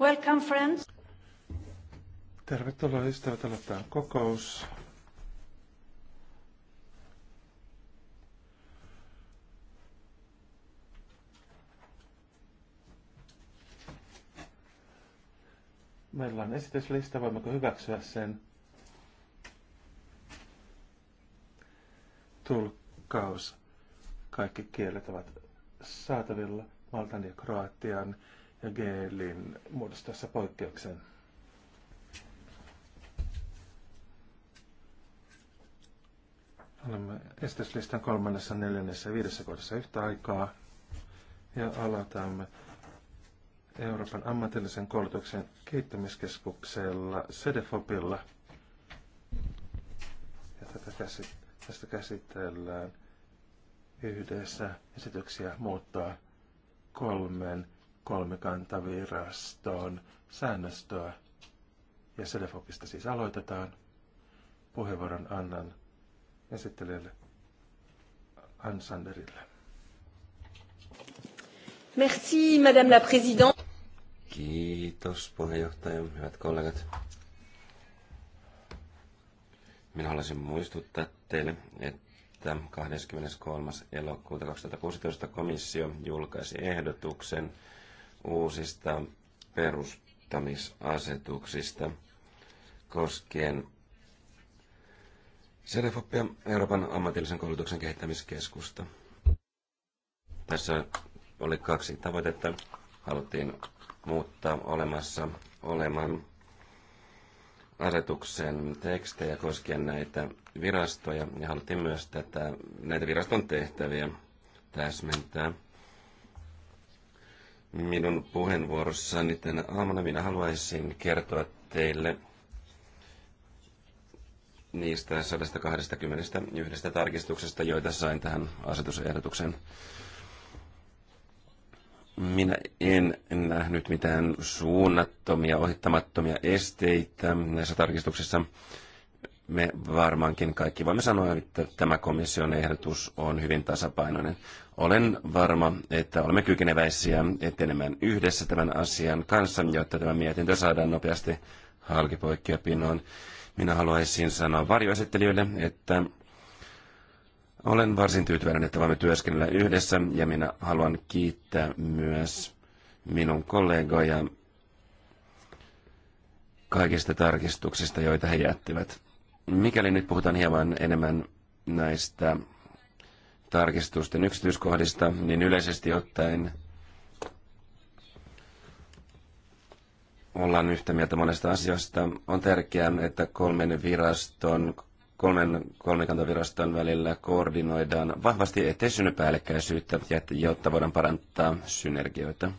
Welcome, friends. Tervetuloa ystävät aloittaa kokous. Meillä on esityslista, voimmeko hyväksyä sen? Tulkkaus. Kaikki kielet ovat saatavilla Maltan ja Kroatian ja Geelin muodostaessa poikkeuksen. Olemme esteslistan kolmannessa, neljännessä ja viidessä kohdassa yhtä aikaa. Ja aloitamme Euroopan ammatillisen koulutuksen kehittämiskeskuksella SEDEFOPilla. Ja tätä käsit- tästä käsitellään yhdessä esityksiä muuttaa kolmen kolmikantaviraston säännöstöä. Ja Selefopista siis aloitetaan. Puheenvuoron annan esittelijälle Ansanderille. Merci, Madame la Présidente. Kiitos puheenjohtaja, hyvät kollegat. Minä haluaisin muistuttaa teille, että 23. elokuuta 2016 komissio julkaisi ehdotuksen uusista perustamisasetuksista koskien CDFOPia Euroopan ammatillisen koulutuksen kehittämiskeskusta. Tässä oli kaksi tavoitetta. Haluttiin muuttaa olemassa olevan asetuksen tekstejä koskien näitä virastoja ja haluttiin myös tätä, näitä viraston tehtäviä täsmentää minun puheenvuorossani tänä aamuna. Minä haluaisin kertoa teille niistä 121 tarkistuksesta, joita sain tähän asetusehdotukseen. Minä en nähnyt mitään suunnattomia, ohittamattomia esteitä näissä tarkistuksissa me varmaankin kaikki voimme sanoa, että tämä komission ehdotus on hyvin tasapainoinen. Olen varma, että olemme kykeneväisiä etenemään yhdessä tämän asian kanssa, jotta tämä mietintö saadaan nopeasti halkipoikkia pinoon. Minä haluaisin sanoa varjoesittelijöille, että olen varsin tyytyväinen, että voimme työskennellä yhdessä ja minä haluan kiittää myös minun kollegoja kaikista tarkistuksista, joita he jättivät. Mikäli nyt puhutaan hieman enemmän näistä tarkistusten yksityiskohdista, niin yleisesti ottaen ollaan yhtä mieltä monesta asiasta. On tärkeää, että kolmen viraston, kolmen kolmikantaviraston välillä koordinoidaan vahvasti, ettei synny päällekkäisyyttä, jotta voidaan parantaa synergioita.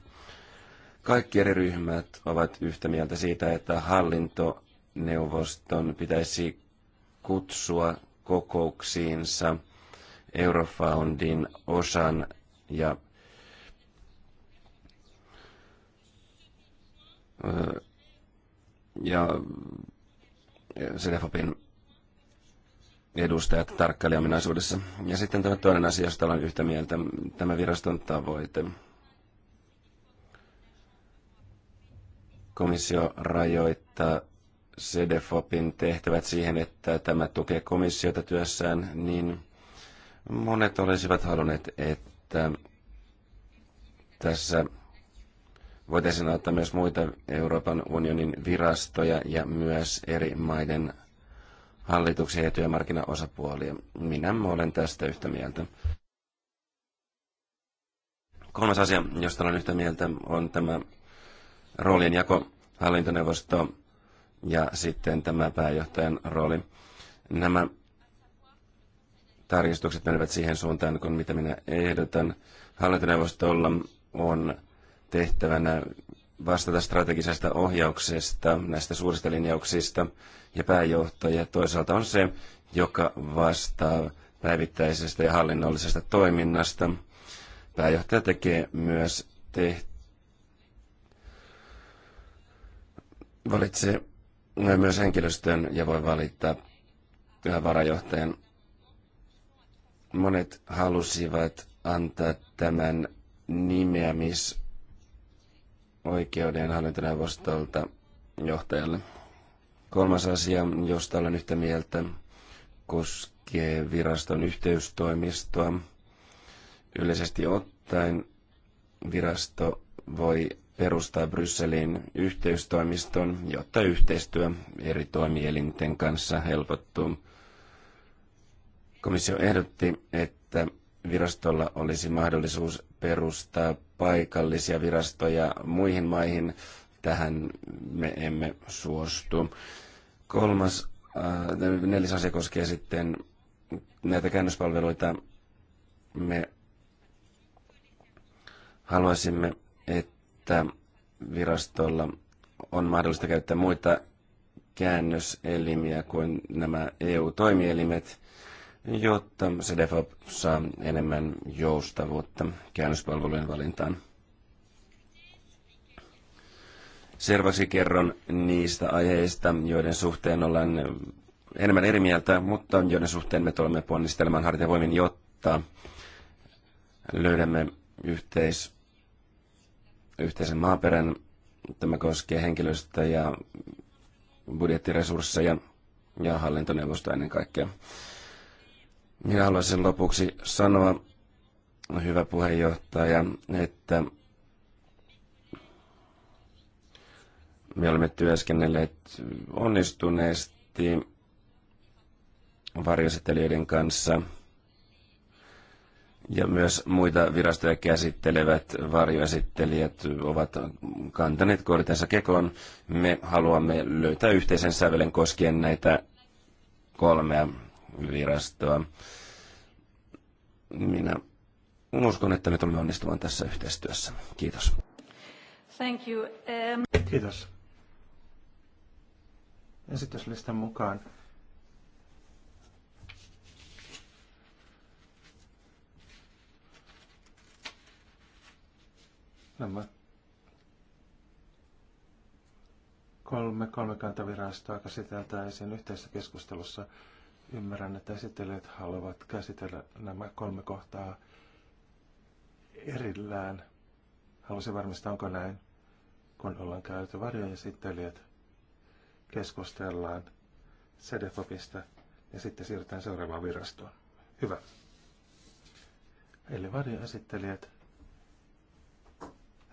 Kaikki eri ryhmät ovat yhtä mieltä siitä, että hallintoneuvoston pitäisi kutsua kokouksiinsa Eurofoundin osan ja ja Sedefopin edustajat tarkkailijaminaisuudessa. Ja sitten tämä toinen asia, josta olen yhtä mieltä, tämä viraston tavoite. Komissio rajoittaa CDFOPin tehtävät siihen, että tämä tukee komissiota työssään, niin monet olisivat halunneet, että tässä voitaisiin ottaa myös muita Euroopan unionin virastoja ja myös eri maiden hallituksia ja työmarkkinaosapuolia. Minä olen tästä yhtä mieltä. Kolmas asia, josta olen yhtä mieltä, on tämä roolien jako hallintoneuvosto ja sitten tämä pääjohtajan rooli. Nämä tarkistukset menevät siihen suuntaan, kun mitä minä ehdotan. Hallintoneuvostolla on tehtävänä vastata strategisesta ohjauksesta, näistä suurista linjauksista, ja pääjohtaja toisaalta on se, joka vastaa päivittäisestä ja hallinnollisesta toiminnasta. Pääjohtaja tekee myös teht... valitsee myös henkilöstön ja voi valittaa varajohtajan. Monet halusivat antaa tämän nimeämisoikeuden hallintoneuvostolta johtajalle. Kolmas asia, josta olen yhtä mieltä, koskee viraston yhteystoimistoa. Yleisesti ottaen virasto voi perustaa Brysselin yhteystoimiston, jotta yhteistyö eri toimielinten kanssa helpottuu. Komissio ehdotti, että virastolla olisi mahdollisuus perustaa paikallisia virastoja muihin maihin. Tähän me emme suostu. Kolmas, äh, neljäs asia koskee sitten näitä käännöspalveluita. Me haluaisimme, että että virastolla on mahdollista käyttää muita käännöselimiä kuin nämä EU-toimielimet, jotta CDFOP saa enemmän joustavuutta käännöspalvelujen valintaan. Selväksi kerron niistä aiheista, joiden suhteen ollaan enemmän eri mieltä, mutta joiden suhteen me tulemme ponnistelemaan hartiavoimin, jotta löydämme yhteis yhteisen maaperän. Tämä koskee henkilöstöä ja budjettiresursseja ja hallintoneuvosta ennen kaikkea. Minä haluaisin lopuksi sanoa, hyvä puheenjohtaja, että me olemme työskennelleet onnistuneesti varjosetelijöiden kanssa – ja myös muita virastoja käsittelevät varjoesittelijät ovat kantaneet kortensa kekoon. Me haluamme löytää yhteisen sävelen koskien näitä kolmea virastoa. Minä uskon, että me tulemme onnistumaan tässä yhteistyössä. Kiitos. Thank you. Um... Kiitos. Esityslistan mukaan Nämä kolme kolmikantavirastoa käsiteltäisiin yhteisessä keskustelussa. Ymmärrän, että esittelijät haluavat käsitellä nämä kolme kohtaa erillään. Haluaisin varmistaa, onko näin, kun ollaan käyty varjoesittelijät, keskustellaan CDFOPista ja sitten siirrytään seuraavaan virastoon. Hyvä. Eli varjoesittelijät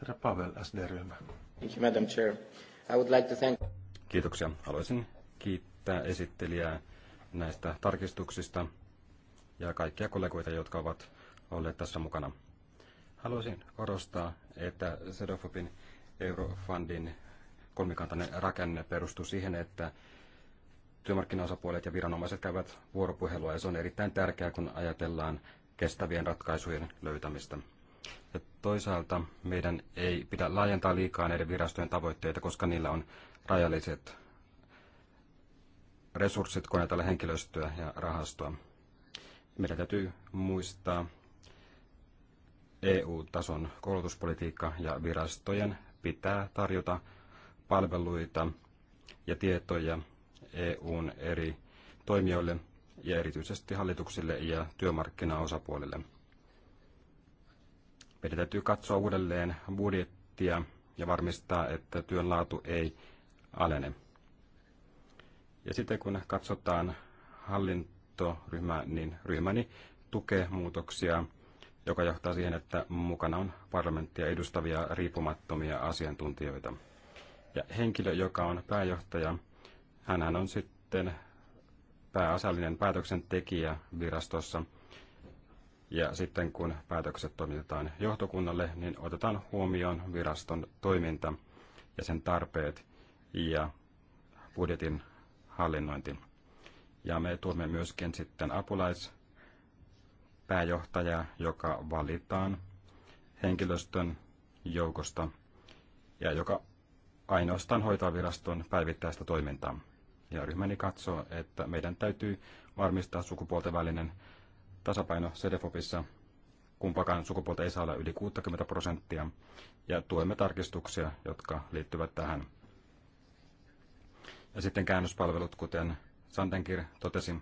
Herra Pavel, SD-ryhmä. Thank you, Madam Chair. I would like to thank... Kiitoksia. Haluaisin kiittää esittelijää näistä tarkistuksista ja kaikkia kollegoita, jotka ovat olleet tässä mukana. Haluaisin korostaa, että Sedofobin Eurofundin kolmikantainen rakenne perustuu siihen, että työmarkkinaosapuolet ja viranomaiset käyvät vuoropuhelua ja se on erittäin tärkeää, kun ajatellaan kestävien ratkaisujen löytämistä. Ja toisaalta meidän ei pidä laajentaa liikaa näiden virastojen tavoitteita, koska niillä on rajalliset resurssit, kun henkilöstöä ja rahastoa. Meidän täytyy muistaa EU-tason koulutuspolitiikka ja virastojen pitää tarjota palveluita ja tietoja EUn eri toimijoille ja erityisesti hallituksille ja työmarkkinaosapuolille. Meidän täytyy katsoa uudelleen budjettia ja varmistaa, että työn laatu ei alene. Ja sitten kun katsotaan hallintoryhmää, niin ryhmäni tukee muutoksia, joka johtaa siihen, että mukana on parlamenttia edustavia riippumattomia asiantuntijoita. Ja henkilö, joka on pääjohtaja, hän on sitten pääasiallinen päätöksentekijä virastossa – ja sitten kun päätökset toimitetaan johtokunnalle, niin otetaan huomioon viraston toiminta ja sen tarpeet ja budjetin hallinnointi. Ja me tuomme myöskin sitten apulaispääjohtaja, joka valitaan henkilöstön joukosta ja joka ainoastaan hoitaa viraston päivittäistä toimintaa. Ja ryhmäni katsoo, että meidän täytyy varmistaa sukupuolten välinen tasapaino CDFOPissa. Kumpakaan sukupuolta ei saa olla yli 60 prosenttia ja tuemme tarkistuksia, jotka liittyvät tähän. Ja sitten käännöspalvelut, kuten Santenkir totesi.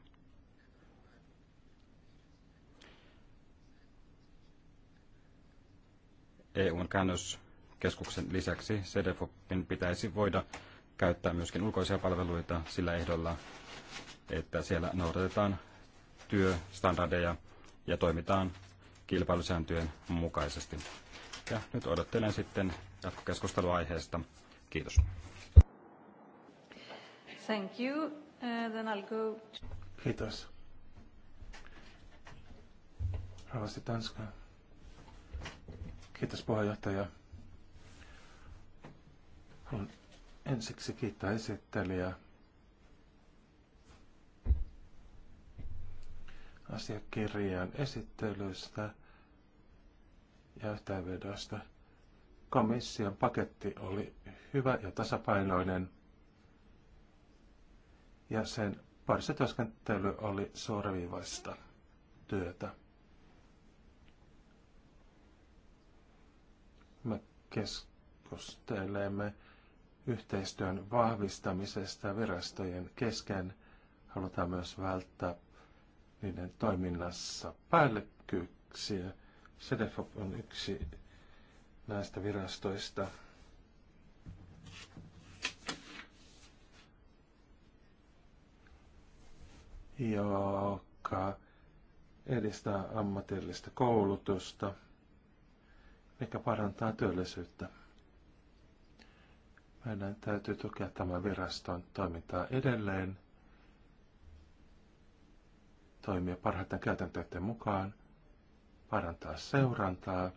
EUn käännöskeskuksen lisäksi CDFOPin pitäisi voida käyttää myöskin ulkoisia palveluita sillä ehdolla, että siellä noudatetaan työstandardeja ja toimitaan kilpailusääntöjen mukaisesti. Ja nyt odottelen sitten jatkokeskustelua aiheesta. Kiitos. Thank you. Uh, then I'll go... Kiitos. Ravasti Tanska. Kiitos puheenjohtaja. Haluan ensiksi kiittää esittelijää asiakirjan esittelystä ja yhteenvedosta. Komission paketti oli hyvä ja tasapainoinen ja sen parissa työskentely oli suoraviivaista työtä. Me keskustelemme yhteistyön vahvistamisesta virastojen kesken. Halutaan myös välttää niiden toiminnassa päällekkyyksiä. CDFOP on yksi näistä virastoista. joka edistää ammatillista koulutusta, mikä parantaa työllisyyttä. Meidän täytyy tukea tämän viraston toimintaa edelleen – toimia parhaiten käytäntöiden mukaan, parantaa seurantaa,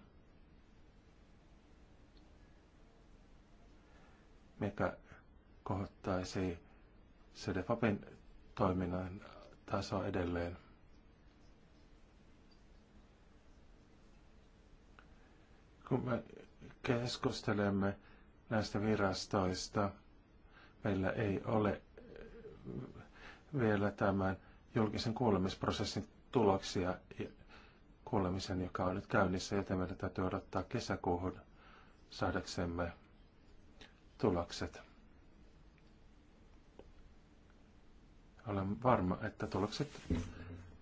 mikä kohottaisi CDFAPin toiminnan tasoa edelleen. Kun me keskustelemme näistä virastoista, meillä ei ole vielä tämän julkisen kuulemisprosessin tuloksia kuulemisen, joka on nyt käynnissä, joten meidän täytyy odottaa kesäkuuhun saadaksemme tulokset. Olen varma, että tulokset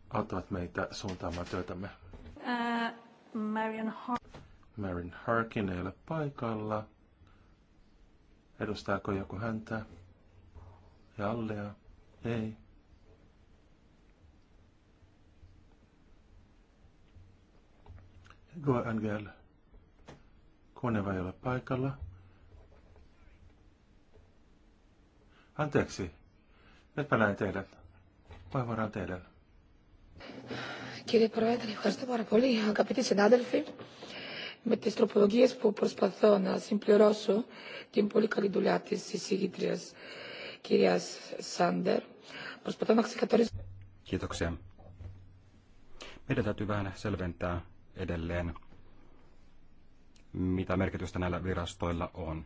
auttavat meitä suuntaamaan työtämme. Uh, Marian, Har- Harkin ei ole paikalla. Edustaako joku häntä? Ja Allea? Ei. Goa Angel. Koneva ei ole paikalla. Anteeksi. Nyt mä näin teidät. Puheenvuoron teidän. Κύριε Πρόεδρε, ευχαριστώ πάρα πολύ. Αγαπητοί συνάδελφοι, με τις τροπολογίες που προσπαθώ να συμπληρώσω την πολύ καλή δουλειά της εισηγήτριας κυρίας Σάντερ, προσπαθώ να ξεκαθαρίσω... Kiitoksia. Meidän täytyy vähän selventää edelleen, mitä merkitystä näillä virastoilla on.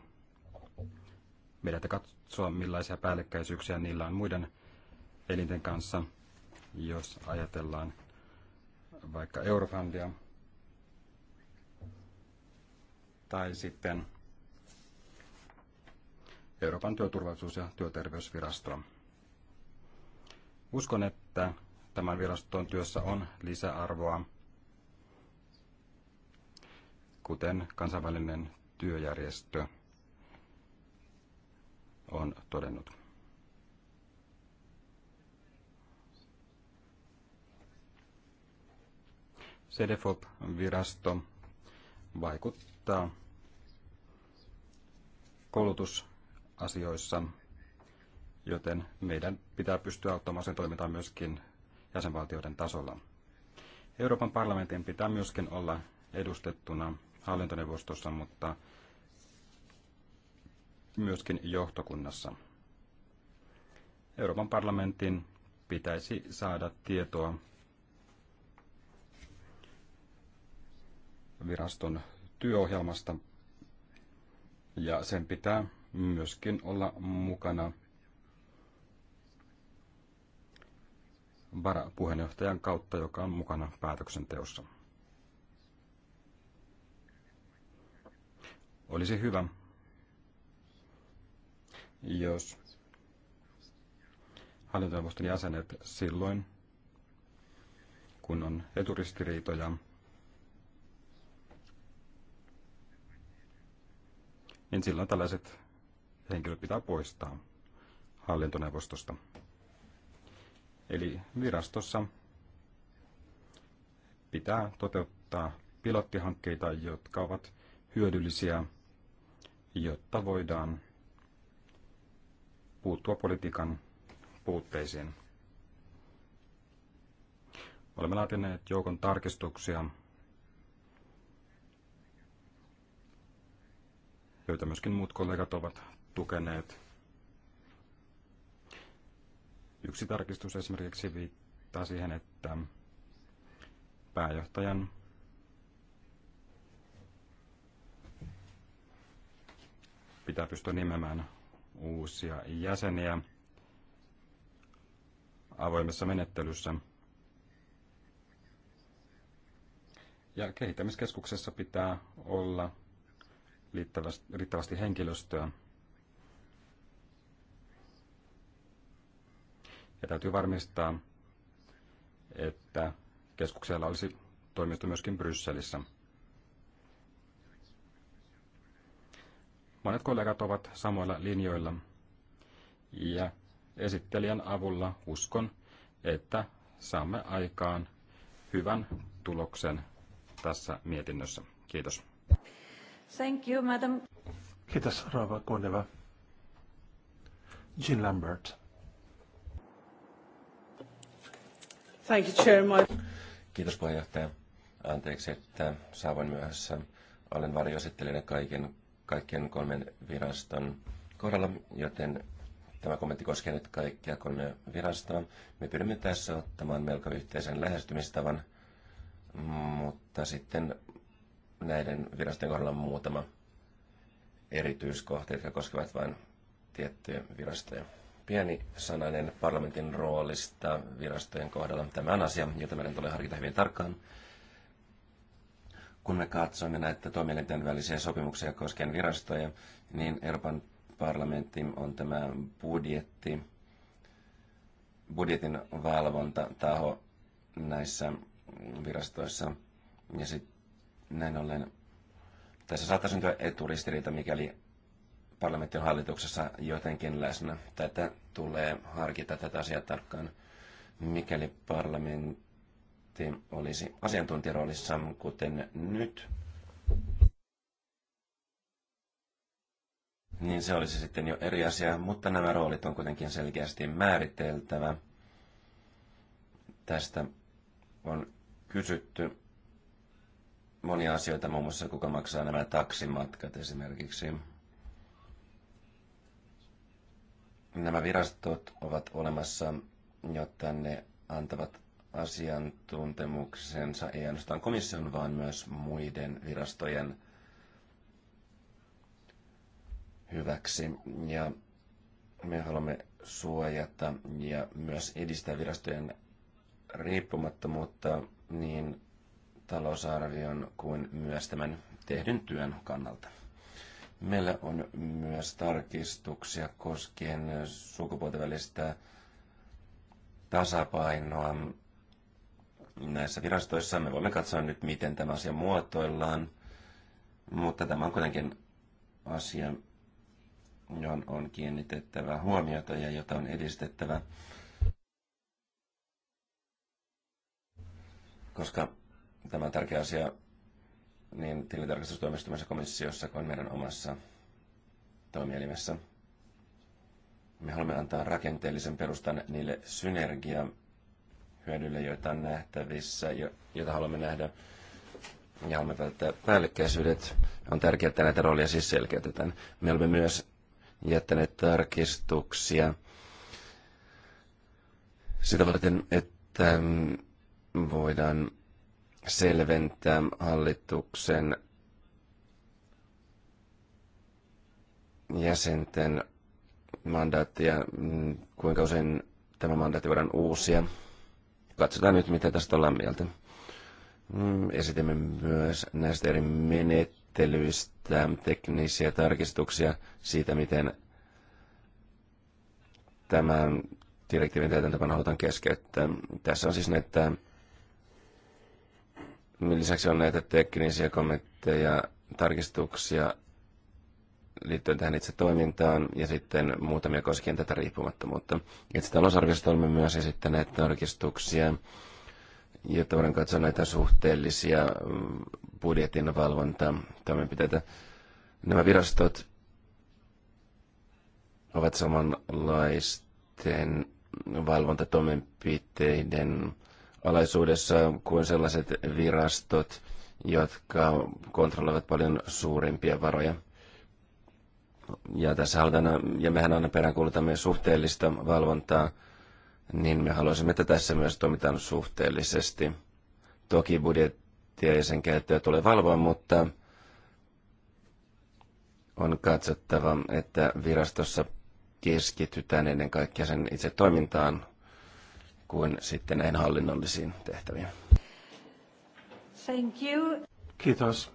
Meidän täytyy katsoa, millaisia päällekkäisyyksiä niillä on muiden elinten kanssa, jos ajatellaan vaikka Eurofundia tai sitten Euroopan työturvallisuus- ja työterveysvirastoa. Uskon, että tämän viraston työssä on lisäarvoa kuten kansainvälinen työjärjestö on todennut. CDFOP-virasto vaikuttaa koulutusasioissa, joten meidän pitää pystyä auttamaan sen toimintaan myöskin jäsenvaltioiden tasolla. Euroopan parlamentin pitää myöskin olla edustettuna hallintoneuvostossa, mutta myöskin johtokunnassa. Euroopan parlamentin pitäisi saada tietoa viraston työohjelmasta ja sen pitää myöskin olla mukana varapuheenjohtajan kautta, joka on mukana päätöksenteossa. Olisi hyvä, jos hallintoneuvoston jäsenet silloin, kun on eturistiriitoja, niin silloin tällaiset henkilöt pitää poistaa hallintoneuvostosta. Eli virastossa pitää toteuttaa pilottihankkeita, jotka ovat hyödyllisiä jotta voidaan puuttua politiikan puutteisiin. Olemme laatineet joukon tarkistuksia, joita myöskin muut kollegat ovat tukeneet. Yksi tarkistus esimerkiksi viittaa siihen, että pääjohtajan pitää pystyä nimemään uusia jäseniä avoimessa menettelyssä. Ja kehittämiskeskuksessa pitää olla riittävästi henkilöstöä. Ja täytyy varmistaa, että keskuksella olisi toimisto myöskin Brysselissä. Monet kollegat ovat samoilla linjoilla. Ja esittelijän avulla uskon, että saamme aikaan hyvän tuloksen tässä mietinnössä. Kiitos. Thank you, madam. Kiitos, Rova Koneva. Jean Lambert. Thank you, Chairman. Kiitos puheenjohtaja. Anteeksi, että saavan myöhässä. Olen varjoesittelijänä kaiken kaikkien kolmen viraston kohdalla, joten tämä kommentti koskee nyt kaikkia kolmea virastoa. Me pyrimme tässä ottamaan melko yhteisen lähestymistavan, mutta sitten näiden virastojen kohdalla on muutama erityiskohta, jotka koskevat vain tiettyjä virastoja. Pieni sananen parlamentin roolista virastojen kohdalla. Tämä on asia, jota meidän tulee harkita hyvin tarkkaan kun me katsoimme näitä toimielinten välisiä sopimuksia koskien virastoja, niin Euroopan parlamentti on tämä budjetti, budjetin valvontataho näissä virastoissa. Ja sitten näin ollen tässä saattaa syntyä eturistiriita, mikäli parlamentti on hallituksessa jotenkin läsnä. Tätä tulee harkita tätä asiaa tarkkaan. Mikäli parlamentti parlamentti olisi asiantuntijaroolissa, kuten nyt, niin se olisi sitten jo eri asia, mutta nämä roolit on kuitenkin selkeästi määriteltävä. Tästä on kysytty monia asioita, muun muassa kuka maksaa nämä taksimatkat esimerkiksi. Nämä virastot ovat olemassa, jotta ne antavat asiantuntemuksensa ei ainoastaan komission, vaan myös muiden virastojen hyväksi. Ja me haluamme suojata ja myös edistää virastojen riippumattomuutta niin talousarvion kuin myös tämän tehdyn työn kannalta. Meillä on myös tarkistuksia koskien sukupuolten välistä tasapainoa näissä virastoissa. Me voimme katsoa nyt, miten tämä asia muotoillaan, mutta tämä on kuitenkin asia, johon on kiinnitettävä huomiota ja jota on edistettävä. Koska tämä on tärkeä asia niin tilintarkastustoimistumisessa komissiossa kuin meidän omassa toimielimessä. Me haluamme antaa rakenteellisen perustan niille synergia hyödylle, joita on nähtävissä, joita haluamme nähdä ja haluamme välttää päällekkäisyydet. On tärkeää, että näitä roolia siis selkeytetään. Me olemme myös jättäneet tarkistuksia sitä varten, että mm, voidaan selventää hallituksen jäsenten mandaattia, mm, kuinka usein tämä mandaatti voidaan uusia. Katsotaan nyt, mitä tästä ollaan mieltä. Mm, esitimme myös näistä eri menettelyistä teknisiä tarkistuksia siitä, miten tämän direktiivin täytäntöpano halutaan keskeyttää. Tässä on siis näitä, mm, lisäksi on näitä teknisiä kommentteja, tarkistuksia liittyen tähän itse toimintaan ja sitten muutamia koskien tätä riippumattomuutta. Itse talousarviosta olemme myös esittäneet tarkistuksia, jotta voidaan katsoa näitä suhteellisia mm, budjetin valvontatoimenpiteitä. Nämä virastot ovat samanlaisten valvontatoimenpiteiden alaisuudessa kuin sellaiset virastot, jotka kontrolloivat paljon suurimpia varoja – ja tässä halutaan, ja mehän aina peräänkuulutamme suhteellista valvontaa, niin me haluaisimme, että tässä myös toimitaan suhteellisesti. Toki budjettia ja sen käyttöä tulee valvoa, mutta on katsottava, että virastossa keskitytään ennen kaikkea sen itse toimintaan kuin sitten näihin hallinnollisiin tehtäviin. Thank you. Kiitos.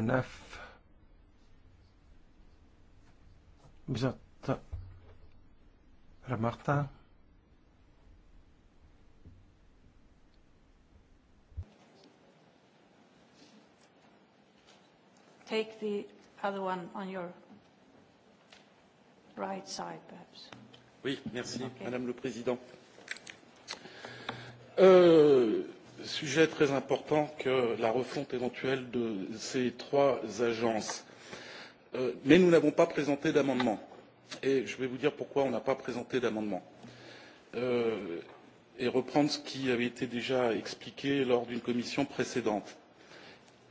NF Vous êtes... Herra Take the other one on your right side, perhaps. Oui, merci, okay. Madame le Président. Euh, sujet très important que la refonte éventuelle de ces trois agences Euh, mais nous n'avons pas présenté d'amendement et je vais vous dire pourquoi nous n'avons pas présenté d'amendement euh, et reprendre ce qui avait été déjà expliqué lors d'une commission précédente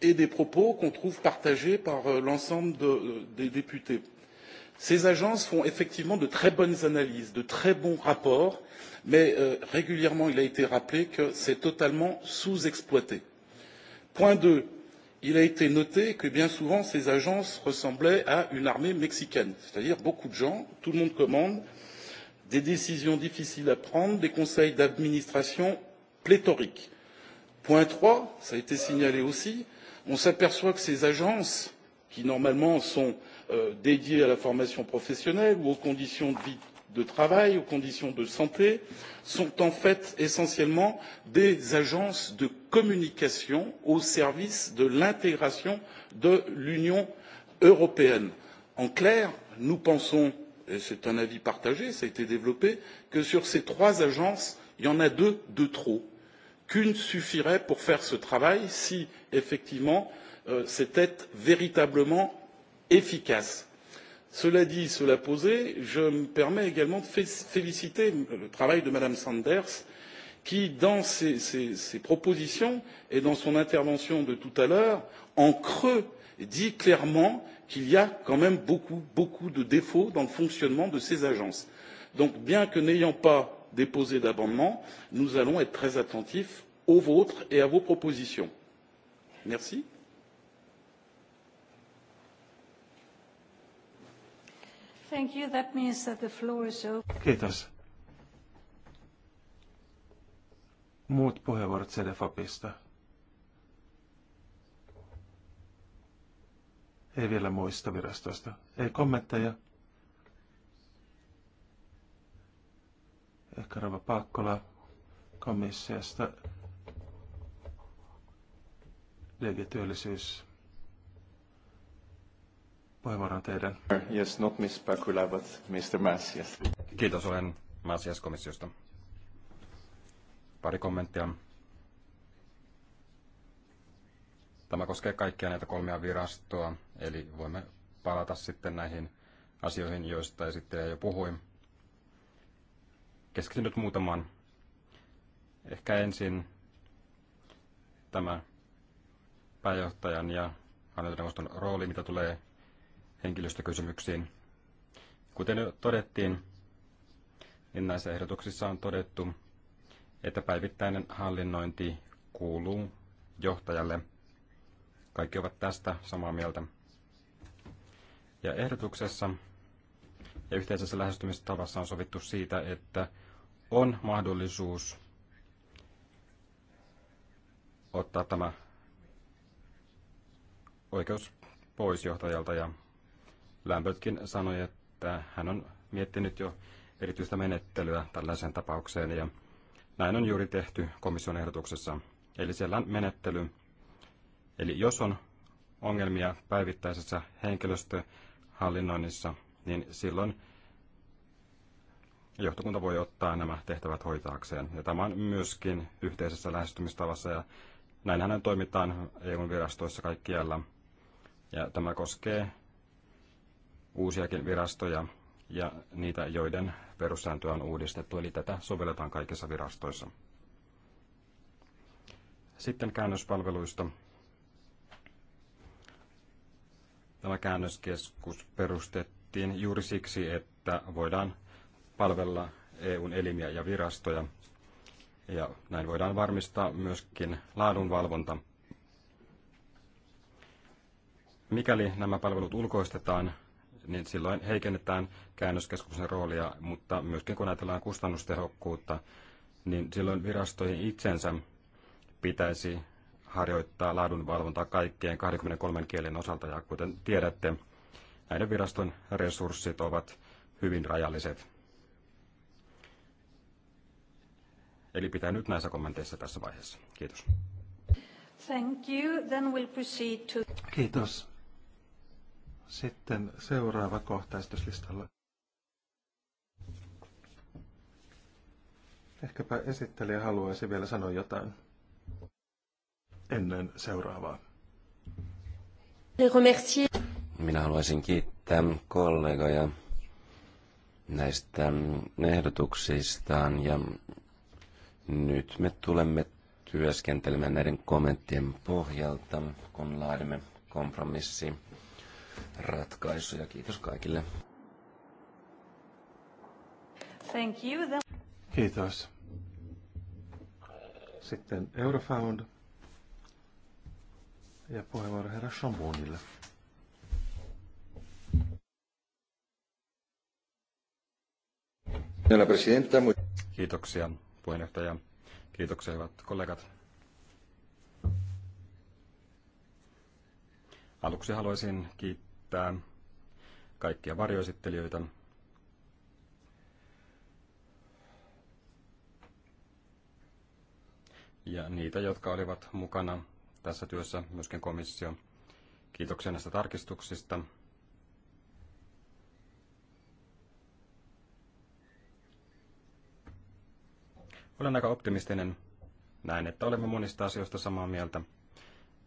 et des propos qu'on trouve partagés par euh, l'ensemble de, des députés. Ces agences font effectivement de très bonnes analyses, de très bons rapports, mais euh, régulièrement il a été rappelé que c'est totalement sous-exploité. Point 2 il a été noté que bien souvent ces agences ressemblaient à une armée mexicaine c'est à dire beaucoup de gens tout le monde commande des décisions difficiles à prendre des conseils d'administration pléthoriques. point trois cela a été signalé aussi on s'aperçoit que ces agences qui normalement sont euh, dédiées à la formation professionnelle ou aux conditions de vie de travail aux conditions de santé sont en fait essentiellement des agences de communication au service de l'intégration de l'union européenne. en clair nous pensons et c'est un avis partagé cela a été développé que sur ces trois agences il y en a deux de trop qu'une suffirait pour faire ce travail si effectivement euh, c'était véritablement efficace cela dit cela posé je me permets également de féliciter le travail de mme sanders qui dans ses, propositions et dans son intervention de tout à l'heure en creux dit clairement qu'il y a quand même beaucoup beaucoup de défauts dans le fonctionnement de ces agences. donc bien que n'ayant pas déposé d'amendements nous allons être très attentifs aux vôtres et à vos propositions. merci. Thank you. That means that the floor is open. Kiitos. Muut puheenvuorot CDFAPista. Ei vielä muista virastoista. Ei kommentteja. Ehkä Rova Paakkola komissiosta. Liiketyöllisyys puheenvuoron teidän. Yes, not Miss Pakula, but Mr. Masias. Kiitos, olen Masias komissiosta. Pari kommenttia. Tämä koskee kaikkia näitä kolmea virastoa, eli voimme palata sitten näihin asioihin, joista esittelijä jo puhui. Keskityn nyt muutamaan. Ehkä ensin tämä pääjohtajan ja hallintoneuvoston rooli, mitä tulee henkilöstökysymyksiin. Kuten jo todettiin, niin näissä ehdotuksissa on todettu, että päivittäinen hallinnointi kuuluu johtajalle. Kaikki ovat tästä samaa mieltä. Ja ehdotuksessa ja yhteisessä lähestymistavassa on sovittu siitä, että on mahdollisuus ottaa tämä oikeus pois johtajalta ja Lämpötkin sanoi, että hän on miettinyt jo erityistä menettelyä tällaiseen tapaukseen ja näin on juuri tehty komission ehdotuksessa. Eli siellä on menettely, eli jos on ongelmia päivittäisessä henkilöstöhallinnoinnissa, niin silloin johtokunta voi ottaa nämä tehtävät hoitaakseen. Ja tämä on myöskin yhteisessä lähestymistavassa ja näinhän toimitaan eu virastoissa kaikkialla. Ja tämä koskee uusiakin virastoja ja niitä, joiden perussääntöä on uudistettu, eli tätä sovelletaan kaikissa virastoissa. Sitten käännöspalveluista. Tämä käännöskeskus perustettiin juuri siksi, että voidaan palvella EUn elimiä ja virastoja. Ja näin voidaan varmistaa myöskin laadunvalvonta. Mikäli nämä palvelut ulkoistetaan, niin silloin heikennetään käännöskeskuksen roolia, mutta myöskin kun ajatellaan kustannustehokkuutta, niin silloin virastoihin itsensä pitäisi harjoittaa laadunvalvontaa kaikkien 23 kielen osalta, ja kuten tiedätte, näiden viraston resurssit ovat hyvin rajalliset. Eli pitää nyt näissä kommenteissa tässä vaiheessa. Kiitos. Thank you. Then we'll proceed to... Kiitos. Sitten seuraava kohtaistuslistalla. Ehkäpä esittelijä haluaisi vielä sanoa jotain ennen seuraavaa. Minä haluaisin kiittää kollegoja näistä ehdotuksistaan ja nyt me tulemme työskentelemään näiden kommenttien pohjalta, kun laadimme kompromissi ratkaisuja. Kiitos kaikille. Thank you. Kiitos. Sitten Eurofound ja puheenvuoro herra Chambonille. Kiitoksia puheenjohtaja. Kiitoksia hyvät kollegat. Aluksi haluaisin kiittää kiittää kaikkia varjoesittelijöitä. Ja niitä, jotka olivat mukana tässä työssä, myöskin komissio. Kiitoksia näistä tarkistuksista. Olen aika optimistinen. Näin, että olemme monista asioista samaa mieltä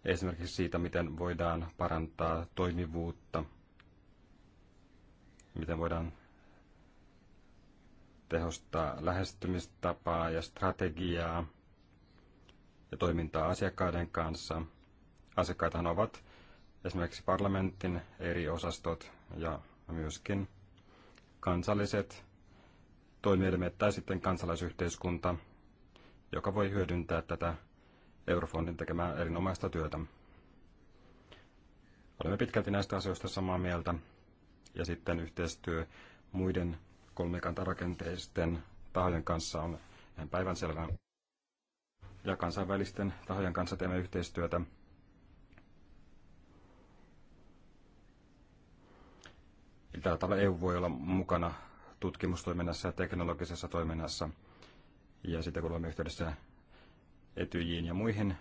esimerkiksi siitä, miten voidaan parantaa toimivuutta, miten voidaan tehostaa lähestymistapaa ja strategiaa ja toimintaa asiakkaiden kanssa. Asiakkaitahan ovat esimerkiksi parlamentin eri osastot ja myöskin kansalliset toimielimet tai sitten kansalaisyhteiskunta, joka voi hyödyntää tätä Eurofondin tekemää erinomaista työtä. Olemme pitkälti näistä asioista samaa mieltä. Ja sitten yhteistyö muiden kolmikantarakenteisten tahojen kanssa on ihan päivänselvää. Ja kansainvälisten tahojen kanssa teemme yhteistyötä. tällä tavalla EU voi olla mukana tutkimustoiminnassa ja teknologisessa toiminnassa. Ja sitten kun olemme yhteydessä etyjiin ja muihin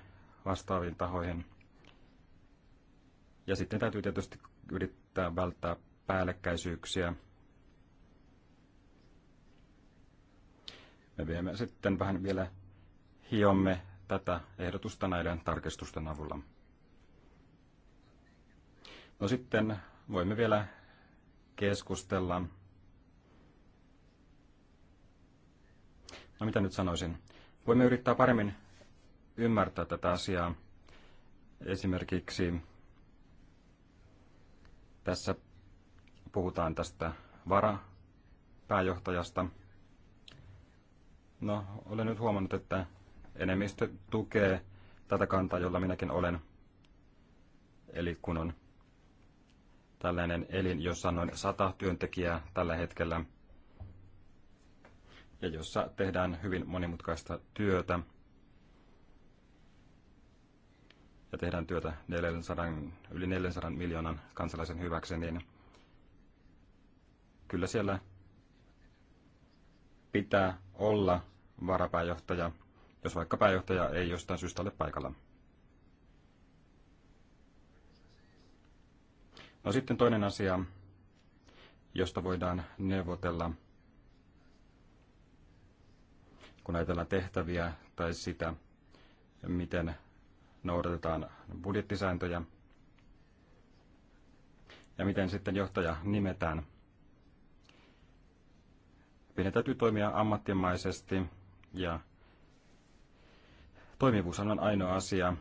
vastaaviin tahoihin. Ja sitten täytyy tietysti yrittää välttää päällekkäisyyksiä. Me viemme sitten vähän vielä hiomme tätä ehdotusta näiden tarkistusten avulla. No sitten voimme vielä keskustella. No mitä nyt sanoisin? Voimme yrittää paremmin ymmärtää tätä asiaa. Esimerkiksi tässä puhutaan tästä varapääjohtajasta. No, olen nyt huomannut, että enemmistö tukee tätä kantaa, jolla minäkin olen. Eli kun on tällainen elin, jossa on noin sata työntekijää tällä hetkellä, ja jossa tehdään hyvin monimutkaista työtä, ja tehdään työtä 400, yli 400 miljoonan kansalaisen hyväksi, niin kyllä siellä pitää olla varapääjohtaja, jos vaikka pääjohtaja ei jostain syystä ole paikalla. No sitten toinen asia, josta voidaan neuvotella, kun ajatellaan tehtäviä tai sitä, miten noudatetaan budjettisääntöjä ja miten sitten johtaja nimetään. Meidän täytyy toimia ammattimaisesti ja toimivuus on ainoa asia,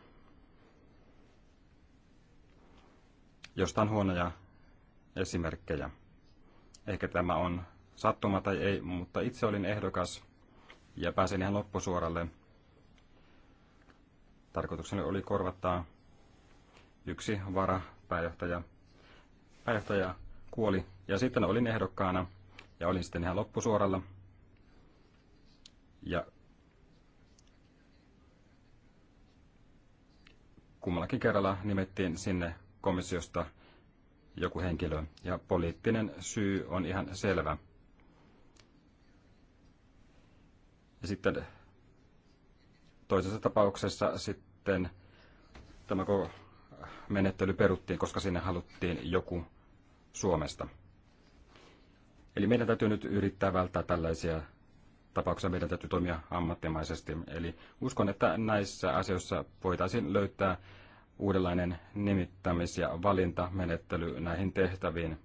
josta on huonoja esimerkkejä. Ehkä tämä on sattuma tai ei, mutta itse olin ehdokas ja pääsin ihan loppusuoralle – Tarkoituksena oli korvata yksi pääjohtaja. Pääjohtaja kuoli ja sitten olin ehdokkaana ja olin sitten ihan loppusuoralla. Ja kummallakin kerralla nimettiin sinne komissiosta joku henkilö. Ja poliittinen syy on ihan selvä. Ja sitten Toisessa tapauksessa sitten tämä koko menettely peruttiin, koska sinne haluttiin joku Suomesta. Eli meidän täytyy nyt yrittää välttää tällaisia tapauksia. Meidän täytyy toimia ammattimaisesti. Eli uskon, että näissä asioissa voitaisiin löytää uudenlainen nimittämis- ja valintamenettely näihin tehtäviin.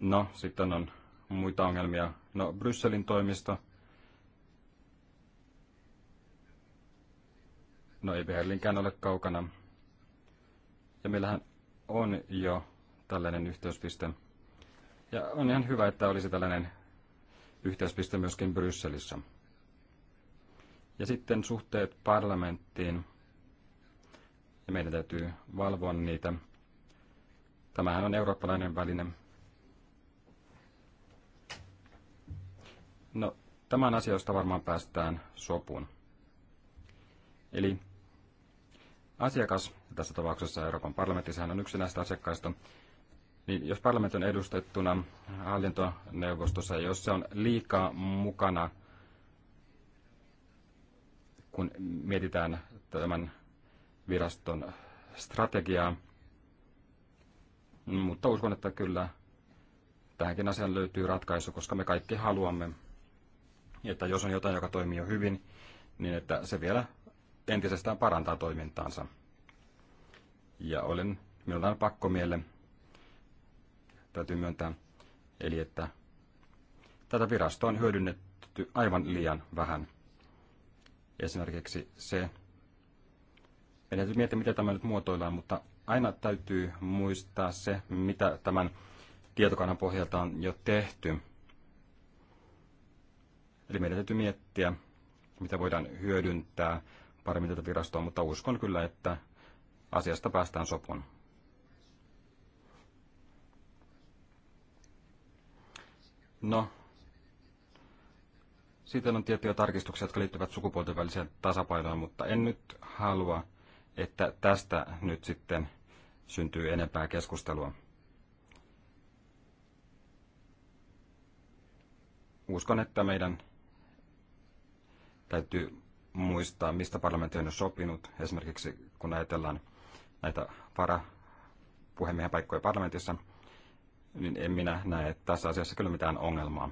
No, sitten on muita ongelmia? No, Brysselin toimista. No ei Berliinkään ole kaukana. Ja meillähän on jo tällainen yhteyspiste. Ja on ihan hyvä, että olisi tällainen yhteyspiste myöskin Brysselissä. Ja sitten suhteet parlamenttiin. Ja meidän täytyy valvoa niitä. Tämähän on eurooppalainen väline. No, tämän asioista varmaan päästään sopuun. Eli asiakas, tässä tapauksessa Euroopan parlamentti, sehän on yksi näistä asiakkaista, niin jos parlamentti on edustettuna hallintoneuvostossa, jos se on liikaa mukana, kun mietitään tämän viraston strategiaa, mutta uskon, että kyllä tähänkin asiaan löytyy ratkaisu, koska me kaikki haluamme, että jos on jotain, joka toimii jo hyvin, niin että se vielä entisestään parantaa toimintaansa. Ja olen, minulla on pakko miele, täytyy myöntää, eli että tätä virastoa on hyödynnetty aivan liian vähän. Esimerkiksi se, en täytyy miettiä, miten tämä nyt muotoillaan, mutta aina täytyy muistaa se, mitä tämän tietokannan pohjalta on jo tehty. Eli meidän täytyy miettiä, mitä voidaan hyödyntää paremmin tätä virastoa, mutta uskon kyllä, että asiasta päästään sopuun. No, sitten on tiettyjä tarkistuksia, jotka liittyvät sukupuolten väliseen tasapainoon, mutta en nyt halua, että tästä nyt sitten syntyy enempää keskustelua. Uskon, että meidän Täytyy muistaa, mistä parlamentti on jo sopinut. Esimerkiksi kun ajatellaan näitä varapuhemiehen paikkoja parlamentissa, niin en minä näe tässä asiassa kyllä mitään ongelmaa.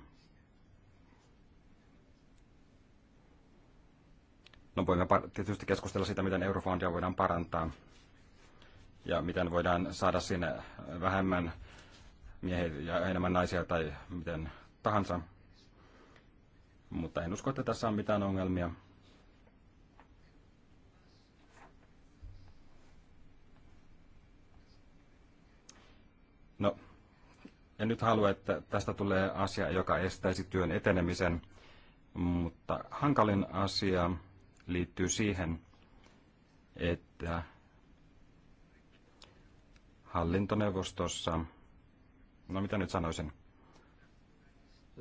No voimme tietysti keskustella siitä, miten eurofondia voidaan parantaa ja miten voidaan saada sinne vähemmän miehiä ja enemmän naisia tai miten tahansa. Mutta en usko, että tässä on mitään ongelmia. No, en nyt halua, että tästä tulee asia, joka estäisi työn etenemisen, mutta hankalin asia liittyy siihen, että hallintoneuvostossa, no mitä nyt sanoisin,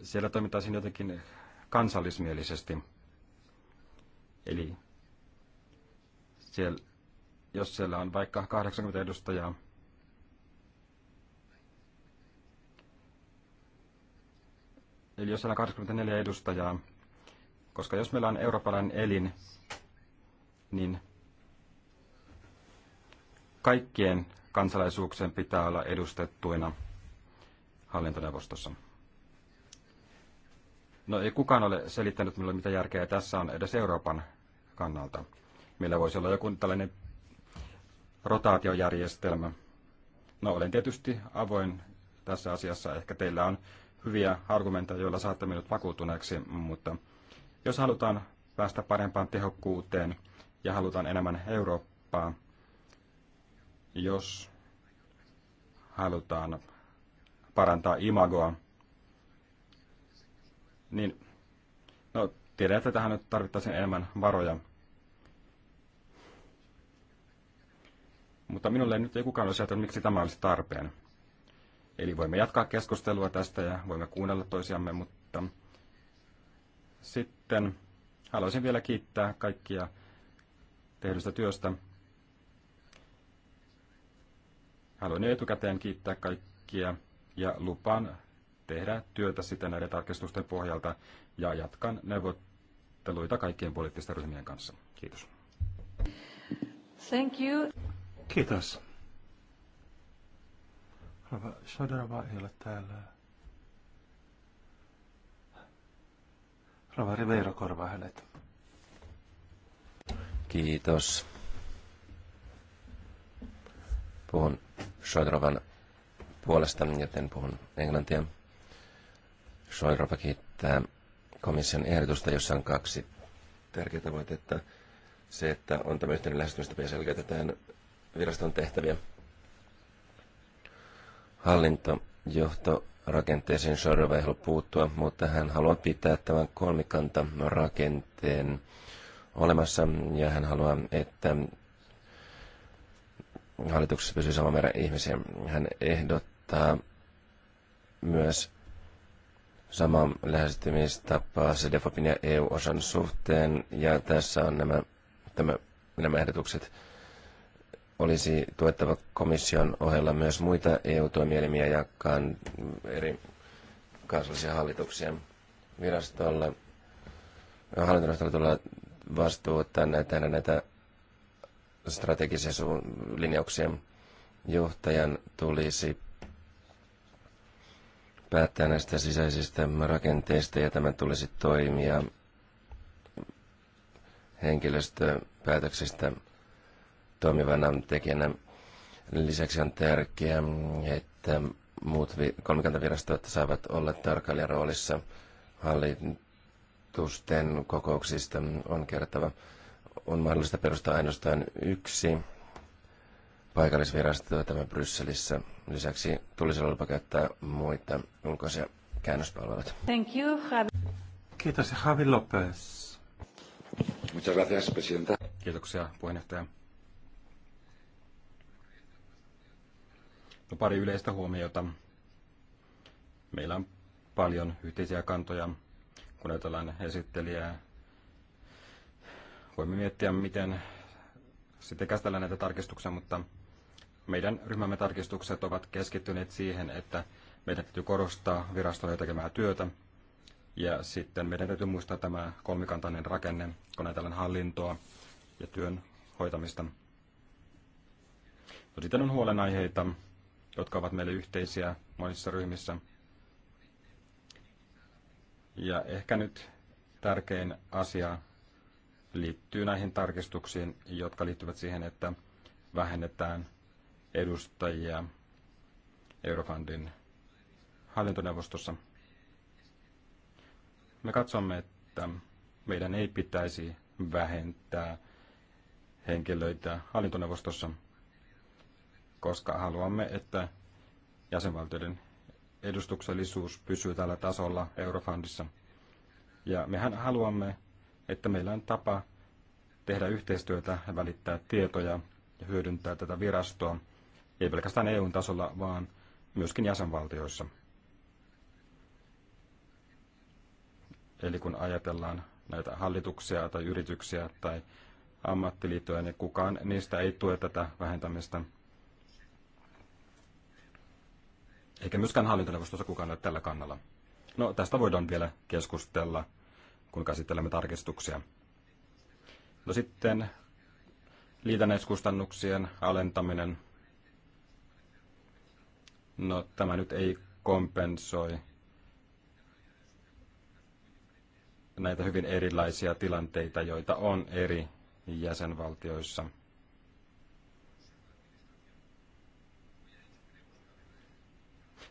siellä toimittaisiin jotenkin kansallismielisesti. Eli siellä, jos siellä on vaikka 80 edustajaa, eli jos siellä on 84 edustajaa, koska jos meillä on eurooppalainen elin, niin kaikkien kansalaisuuksien pitää olla edustettuina hallintoneuvostossa. No ei kukaan ole selittänyt minulle, mitä järkeä tässä on edes Euroopan kannalta. Meillä voisi olla joku tällainen rotaatiojärjestelmä. No olen tietysti avoin tässä asiassa. Ehkä teillä on hyviä argumentteja, joilla saatte minut vakuutuneeksi, mutta jos halutaan päästä parempaan tehokkuuteen ja halutaan enemmän Eurooppaa, jos halutaan parantaa imagoa, niin, no tiedän, että tähän nyt tarvittaisiin enemmän varoja. Mutta minulle ei nyt ei kukaan ole säätänyt, miksi tämä olisi tarpeen. Eli voimme jatkaa keskustelua tästä ja voimme kuunnella toisiamme, mutta sitten haluaisin vielä kiittää kaikkia tehdystä työstä. Haluan etukäteen kiittää kaikkia ja lupaan tehdä työtä sitten näiden tarkistusten pohjalta ja jatkan neuvotteluita kaikkien poliittisten ryhmien kanssa. Kiitos. Thank you. Kiitos. Rava Shadarava ei ole täällä. Rava Rivero korvaa hänet. Kiitos. Puhun Shadravan puolesta, joten puhun englantia. Soirova kiittää komission ehdotusta, jossa on kaksi tärkeää tavoitetta. Se, että on tämä yhteinen lähestymistapa ja selkeytetään viraston tehtäviä. hallintojohto rakenteeseen Soirova ei halua puuttua, mutta hän haluaa pitää tämän kolmikanta rakenteen olemassa ja hän haluaa, että hallituksessa pysyy sama määrä ihmisiä. Hän ehdottaa myös sama lähestymistapaa CDFOPin ja EU-osan suhteen, ja tässä on nämä, tämä, nämä ehdotukset. Olisi tuettava komission ohella myös muita EU-toimielimiä ja kan, eri kansallisia hallituksia. Virastolla, hallintoneuvostolla tulee vastuu näitä, näitä strategisia linjauksia. Johtajan tulisi päättää näistä sisäisistä rakenteista ja tämän tulisi toimia henkilöstöpäätöksistä toimivana tekijänä. Lisäksi on tärkeää, että muut kolmikantavirastot saavat olla tarkkailijan roolissa hallitusten kokouksista on kertava. On mahdollista perustaa ainoastaan yksi paikallisvirastoa tämä Brysselissä. Lisäksi tulisi olla käyttää muita ulkoisia käännöspalveluita. Thank you. Kiitos, Javi Lopez. Muchas gracias, presidenta. Kiitoksia, puheenjohtaja. No, pari yleistä huomiota. Meillä on paljon yhteisiä kantoja, kun ajatellaan esittelijää. Voimme miettiä, miten sitten käsitellään näitä tarkistuksia, mutta meidän ryhmämme tarkistukset ovat keskittyneet siihen, että meidän täytyy korostaa virastolle tekemää työtä. Ja sitten meidän täytyy muistaa tämä kolmikantainen rakenne, kun ajatellaan hallintoa ja työn hoitamista. No, sitten on huolenaiheita, jotka ovat meille yhteisiä monissa ryhmissä. Ja ehkä nyt tärkein asia liittyy näihin tarkistuksiin, jotka liittyvät siihen, että vähennetään edustajia Eurofundin hallintoneuvostossa. Me katsomme, että meidän ei pitäisi vähentää henkilöitä hallintoneuvostossa, koska haluamme, että jäsenvaltioiden edustuksellisuus pysyy tällä tasolla Eurofundissa. Ja mehän haluamme, että meillä on tapa tehdä yhteistyötä, välittää tietoja ja hyödyntää tätä virastoa ei pelkästään EUn tasolla, vaan myöskin jäsenvaltioissa. Eli kun ajatellaan näitä hallituksia tai yrityksiä tai ammattiliittoja, niin kukaan niistä ei tue tätä vähentämistä. Eikä myöskään hallintoneuvostossa kukaan ole tällä kannalla. No, tästä voidaan vielä keskustella, kun käsittelemme tarkistuksia. No sitten liitännäiskustannuksien alentaminen No tämä nyt ei kompensoi näitä hyvin erilaisia tilanteita, joita on eri jäsenvaltioissa.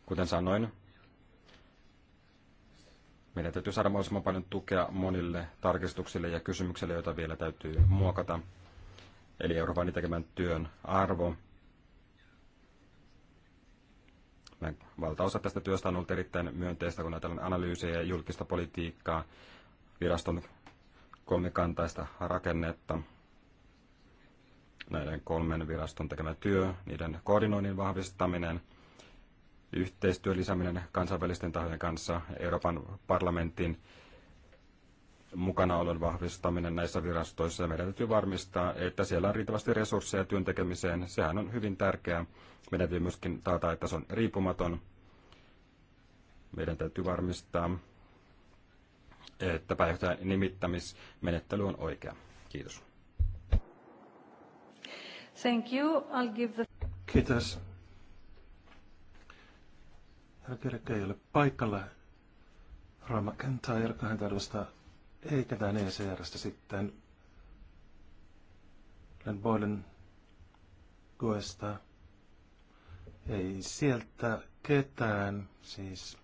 Kuten sanoin, meidän täytyy saada mahdollisimman paljon tukea monille tarkistuksille ja kysymyksille, joita vielä täytyy muokata. Eli Euroopan tekemän työn arvo Valtaosa tästä työstä on ollut erittäin myönteistä, kun ajatellaan analyysejä ja julkista politiikkaa, viraston kolmikantaista rakennetta, näiden kolmen viraston tekemä työ, niiden koordinoinnin vahvistaminen, yhteistyön lisääminen kansainvälisten tahojen kanssa, Euroopan parlamentin mukanaolon vahvistaminen näissä virastoissa ja meidän täytyy varmistaa, että siellä on riittävästi resursseja työn tekemiseen. Sehän on hyvin tärkeää. Meidän täytyy myöskin taata, että se on riippumaton. Meidän täytyy varmistaa, että pääjohtajan nimittämismenettely on oikea. Kiitos. Thank you. I'll give the... Kiitos. Herra Kirkka ei ole paikalla. Rama Kentaa, Erkka häntä heitetään ECRstä sitten Len Boylen Goesta. Ei sieltä ketään, siis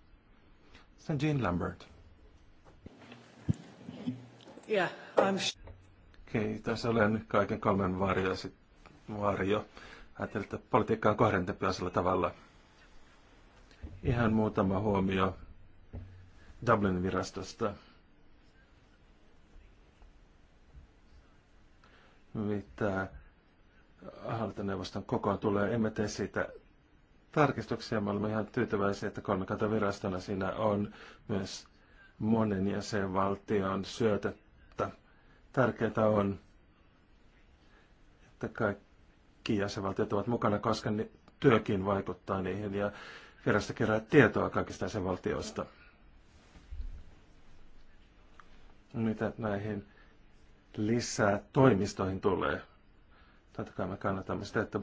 sen Jean Lambert. Yeah, I'm... Kiitos, olen kaiken kolmen varjo. Sit, varjo. Ajattelin, että politiikka on kohdentepiasella tavalla. Ihan muutama huomio Dublin virastosta. mitä hallintoneuvoston kokoon tulee. Emme tee siitä tarkistuksia. Me olemme ihan tyytyväisiä, että kolmikantavirastona siinä on myös monen jäsenvaltion syötettä. Tärkeää on, että kaikki jäsenvaltiot ovat mukana, koska työkin vaikuttaa niihin ja virasto kerää tietoa kaikista jäsenvaltioista. Mitä näihin lisää toimistoihin tulee. Totta kai me kannatamme sitä, että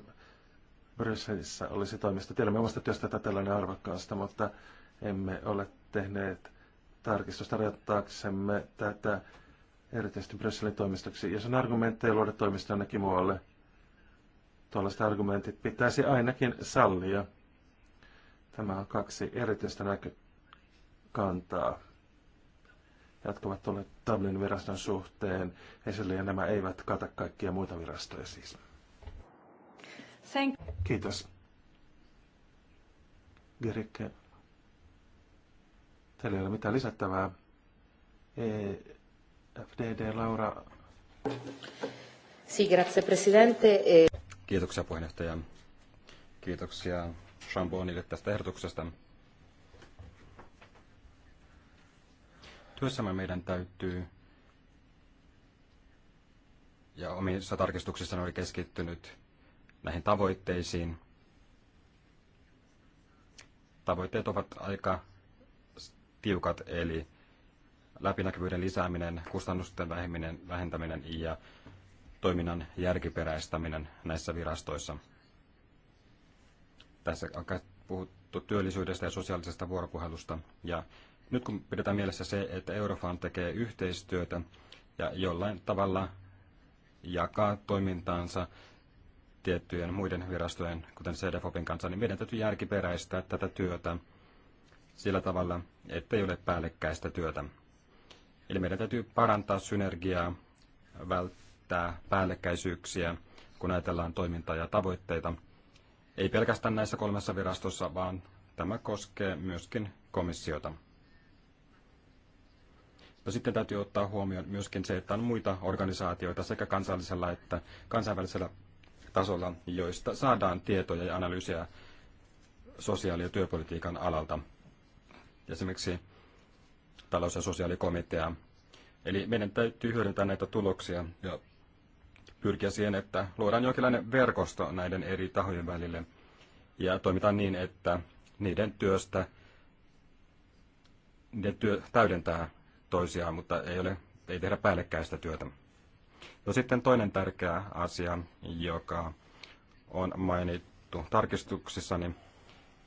Brysselissä olisi toimisto. Tiedämme omasta työstä tätä tällainen arvokkaasta, mutta emme ole tehneet tarkistusta rajoittaaksemme tätä erityisesti Brysselin toimistoksi. Jos on argumentteja luoda toimisto ainakin muualle, tuollaiset argumentit pitäisi ainakin sallia. Tämä on kaksi erityistä näkökantaa. Jatkuvat tuonne tulleet Dublin viraston suhteen esille, ja nämä eivät kata kaikkia muita virastoja siis. Thank Kiitos. Gerikke, teillä ei ole mitään lisättävää. E FDD Laura. Si, grazie Presidente. E- Kiitoksia puheenjohtaja. Kiitoksia Shambonille tästä ehdotuksesta. Työssämme meidän täytyy, ja omissa tarkistuksissa oli keskittynyt näihin tavoitteisiin. Tavoitteet ovat aika tiukat, eli läpinäkyvyyden lisääminen, kustannusten vähentäminen ja toiminnan järkiperäistäminen näissä virastoissa. Tässä on puhuttu työllisyydestä ja sosiaalisesta vuoropuhelusta ja nyt kun pidetään mielessä se, että Eurofarm tekee yhteistyötä ja jollain tavalla jakaa toimintaansa tiettyjen muiden virastojen, kuten CDFOPin kanssa, niin meidän täytyy järkiperäistää tätä työtä sillä tavalla, ettei ole päällekkäistä työtä. Eli meidän täytyy parantaa synergiaa, välttää päällekkäisyyksiä, kun ajatellaan toimintaa ja tavoitteita. Ei pelkästään näissä kolmessa virastossa, vaan tämä koskee myöskin komissiota. No sitten täytyy ottaa huomioon myöskin se, että on muita organisaatioita sekä kansallisella että kansainvälisellä tasolla, joista saadaan tietoja ja analyysiä sosiaali- ja työpolitiikan alalta. Esimerkiksi talous- ja sosiaalikomitea. Eli meidän täytyy hyödyntää näitä tuloksia ja pyrkiä siihen, että luodaan jonkinlainen verkosto näiden eri tahojen välille ja toimitaan niin, että niiden työstä niiden työ täydentää toisiaan, mutta ei, ole, ei tehdä päällekkäistä työtä. No sitten toinen tärkeä asia, joka on mainittu tarkistuksissani,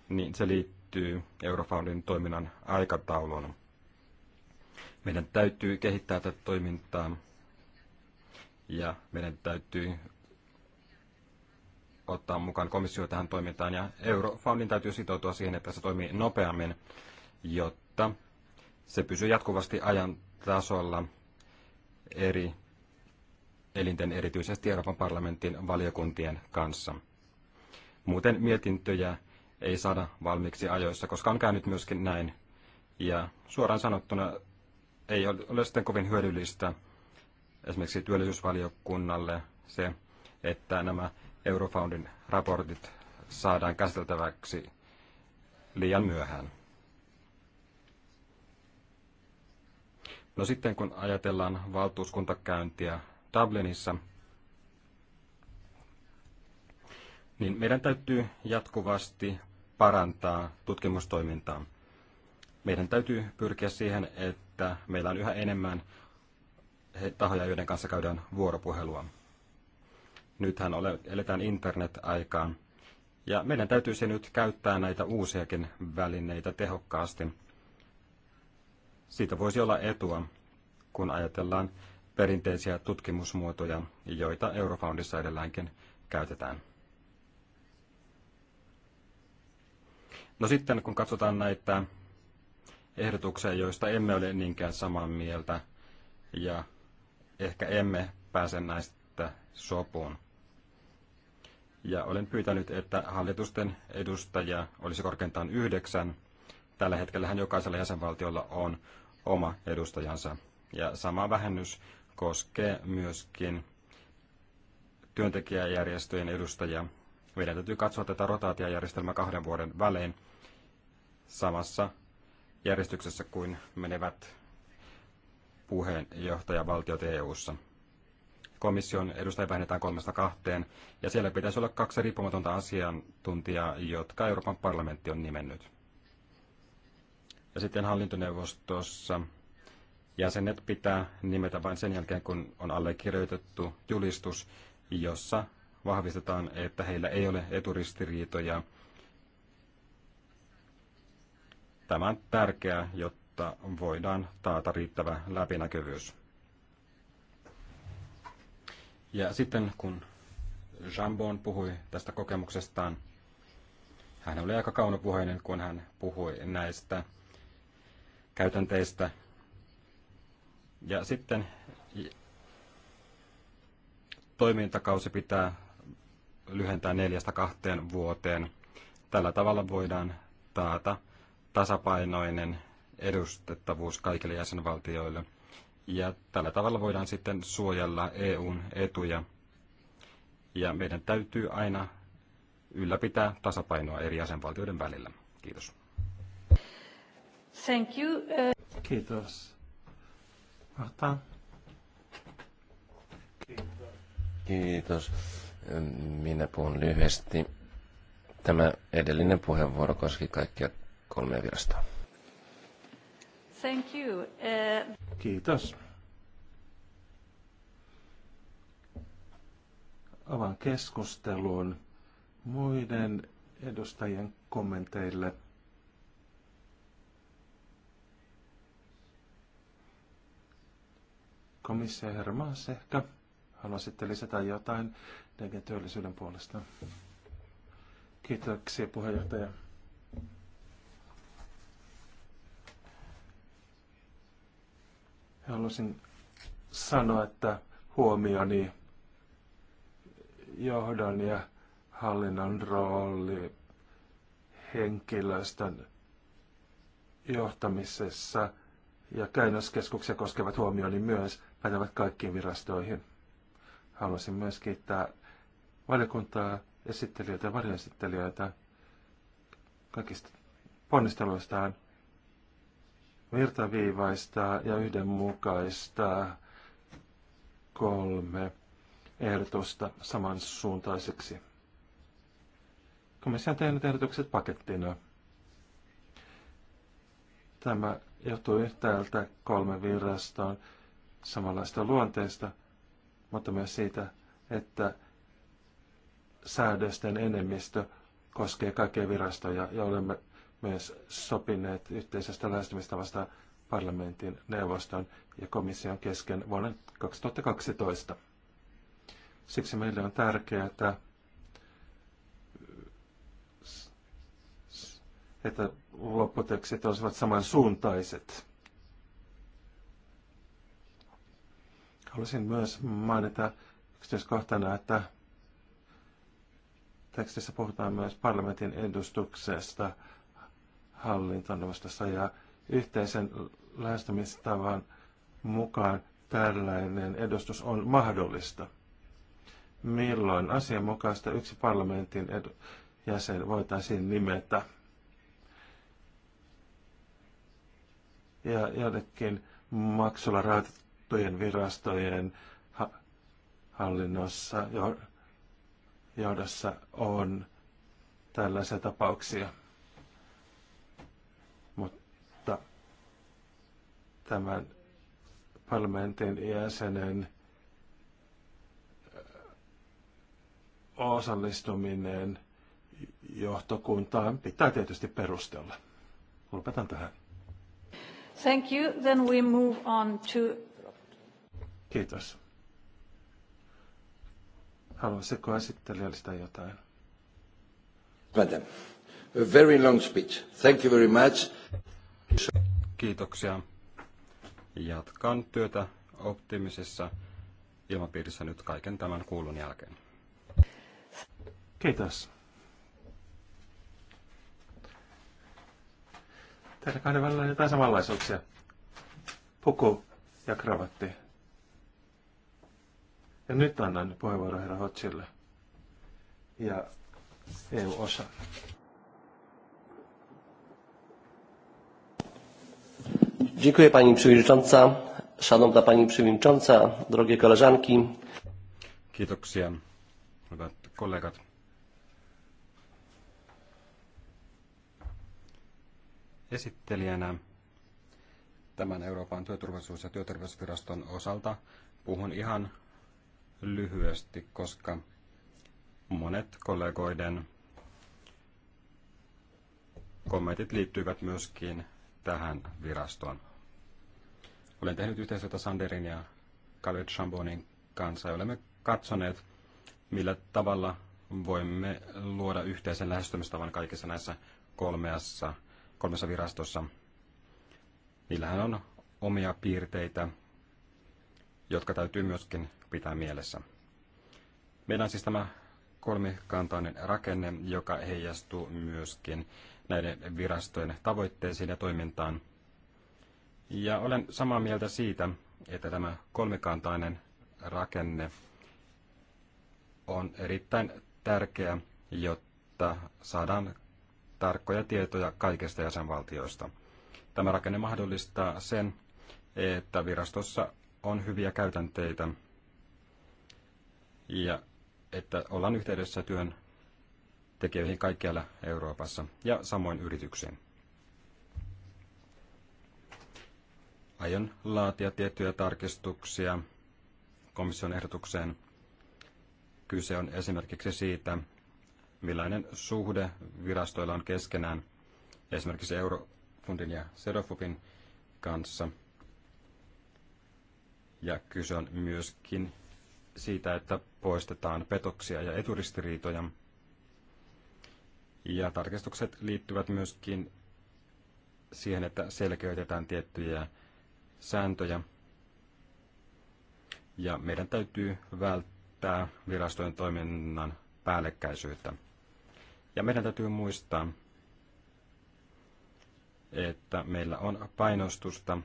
niin se liittyy Eurofoundin toiminnan aikatauluun. Meidän täytyy kehittää tätä toimintaa ja meidän täytyy ottaa mukaan komissio tähän toimintaan ja Eurofoundin täytyy sitoutua siihen, että se toimii nopeammin, jotta se pysyy jatkuvasti ajan tasolla eri elinten, erityisesti Euroopan parlamentin valiokuntien kanssa. Muuten mietintöjä ei saada valmiiksi ajoissa, koska on käynyt myöskin näin. Ja suoraan sanottuna ei ole sitten kovin hyödyllistä esimerkiksi työllisyysvaliokunnalle se, että nämä Eurofoundin raportit saadaan käsiteltäväksi liian myöhään. No sitten kun ajatellaan valtuuskuntakäyntiä Dublinissa, niin meidän täytyy jatkuvasti parantaa tutkimustoimintaa. Meidän täytyy pyrkiä siihen, että meillä on yhä enemmän tahoja, joiden kanssa käydään vuoropuhelua. Nythän eletään internet-aikaan, ja meidän täytyisi nyt käyttää näitä uusiakin välineitä tehokkaasti – siitä voisi olla etua, kun ajatellaan perinteisiä tutkimusmuotoja, joita Eurofoundissa edelläänkin käytetään. No sitten kun katsotaan näitä ehdotuksia, joista emme ole niinkään samaa mieltä ja ehkä emme pääse näistä sopuun. Ja olen pyytänyt, että hallitusten edustajia olisi korkeintaan yhdeksän. Tällä hetkellä jokaisella jäsenvaltiolla on oma edustajansa. Ja sama vähennys koskee myöskin työntekijäjärjestöjen edustajia. Meidän täytyy katsoa tätä rotaatiojärjestelmää kahden vuoden välein samassa järjestyksessä kuin menevät puheenjohtajavaltiot EU-ssa. Komission edustajia vähennetään kolmesta kahteen, ja siellä pitäisi olla kaksi riippumatonta asiantuntijaa, jotka Euroopan parlamentti on nimennyt. Ja sitten hallintoneuvostossa jäsenet pitää nimetä vain sen jälkeen, kun on allekirjoitettu julistus, jossa vahvistetaan, että heillä ei ole eturistiriitoja. Tämä on tärkeää, jotta voidaan taata riittävä läpinäkyvyys. Ja sitten kun Jambon puhui tästä kokemuksestaan, hän oli aika kaunopuheinen, kun hän puhui näistä käytänteistä. Ja sitten toimintakausi pitää lyhentää neljästä kahteen vuoteen. Tällä tavalla voidaan taata tasapainoinen edustettavuus kaikille jäsenvaltioille. Ja tällä tavalla voidaan sitten suojella EUn etuja. Ja meidän täytyy aina ylläpitää tasapainoa eri jäsenvaltioiden välillä. Kiitos. Thank you. Uh... Kiitos. Marta. Kiitos. Kiitos. Minä puhun lyhyesti. Tämä edellinen puheenvuoro koski kaikkia kolmea virastoa. Thank you. Uh... Kiitos. Avaan keskustelun muiden edustajien kommenteille. komissio herra Maas ehkä haluaisitte lisätä jotain DG-työllisyyden puolesta. Kiitoksia puheenjohtaja. Haluaisin sanoa, että huomioni johdon ja hallinnon rooli henkilöstön johtamisessa ja käännöskeskuksia koskevat huomioni myös pätevät kaikkiin virastoihin. Haluaisin myös kiittää valiokuntaa, esittelijöitä ja varjoesittelijöitä kaikista ponnisteluistaan virtaviivaista ja yhdenmukaista kolme ehdotusta samansuuntaiseksi. Komissio on tehnyt ehdotukset pakettina. Tämä johtuu yhtäältä kolme viraston samanlaista luonteesta, mutta myös siitä, että säädösten enemmistö koskee kaikkia virastoja ja olemme myös sopineet yhteisestä lähestymistavasta parlamentin, neuvoston ja komission kesken vuonna 2012. Siksi meille on tärkeää, että, että lopputekstit olisivat samansuuntaiset. Haluaisin myös mainita yksityiskohtana, että tekstissä puhutaan myös parlamentin edustuksesta hallintoneuvostossa ja yhteisen lähestymistavan mukaan tällainen edustus on mahdollista. Milloin asianmukaista yksi parlamentin edu- jäsen voitaisiin nimetä? Ja jotenkin maksulla rahoitettu valittujen virastojen ha- hallinnossa jo- johdossa on tällaisia tapauksia. Mutta tämän parlamentin jäsenen osallistuminen johtokuntaan pitää tietysti perustella. Lopetan tähän. Thank you. Then we move on to Kiitos. Haluaisitko esittelijällistä jotain? Madam, a very long speech. Thank you very much. Kiitoksia. Jatkan työtä optimisessa ilmapiirissä nyt kaiken tämän kuulun jälkeen. Kiitos. Teillä kahden välillä on jotain samanlaisuuksia. Puku ja kravatti. Ja nyt annan puheenvuoron herra Hotsille ja EU-osa. Dziękuję Pani Przewodnicząca, Szanowna Pani Przewodnicząca, drogie koleżanki. Kiitoksia, hyvät kollegat. Esittelijänä tämän Euroopan työturvallisuus- ja työterveysviraston osalta puhun ihan lyhyesti, koska monet kollegoiden kommentit liittyvät myöskin tähän virastoon. Olen tehnyt yhteistyötä Sanderin ja Khaled Shambonin kanssa ja olemme katsoneet, millä tavalla voimme luoda yhteisen lähestymistavan kaikissa näissä kolmeassa, kolmessa virastossa. Niillähän on omia piirteitä, jotka täytyy myöskin pitää mielessä. Meidän siis tämä kolmikantainen rakenne, joka heijastuu myöskin näiden virastojen tavoitteisiin ja toimintaan. Ja olen samaa mieltä siitä, että tämä kolmikantainen rakenne on erittäin tärkeä, jotta saadaan tarkkoja tietoja kaikista jäsenvaltioista. Tämä rakenne mahdollistaa sen, että virastossa on hyviä käytänteitä ja että ollaan yhteydessä työn tekijöihin kaikkialla Euroopassa ja samoin yritykseen. Aion laatia tiettyjä tarkistuksia komission ehdotukseen. Kyse on esimerkiksi siitä, millainen suhde virastoilla on keskenään, esimerkiksi Eurofundin ja Sedofupin kanssa. Ja kyse on myöskin siitä, että poistetaan petoksia ja eturistiriitoja. Ja tarkistukset liittyvät myöskin siihen, että selkeytetään tiettyjä sääntöjä. Ja meidän täytyy välttää virastojen toiminnan päällekkäisyyttä. Ja meidän täytyy muistaa, että meillä on painostusta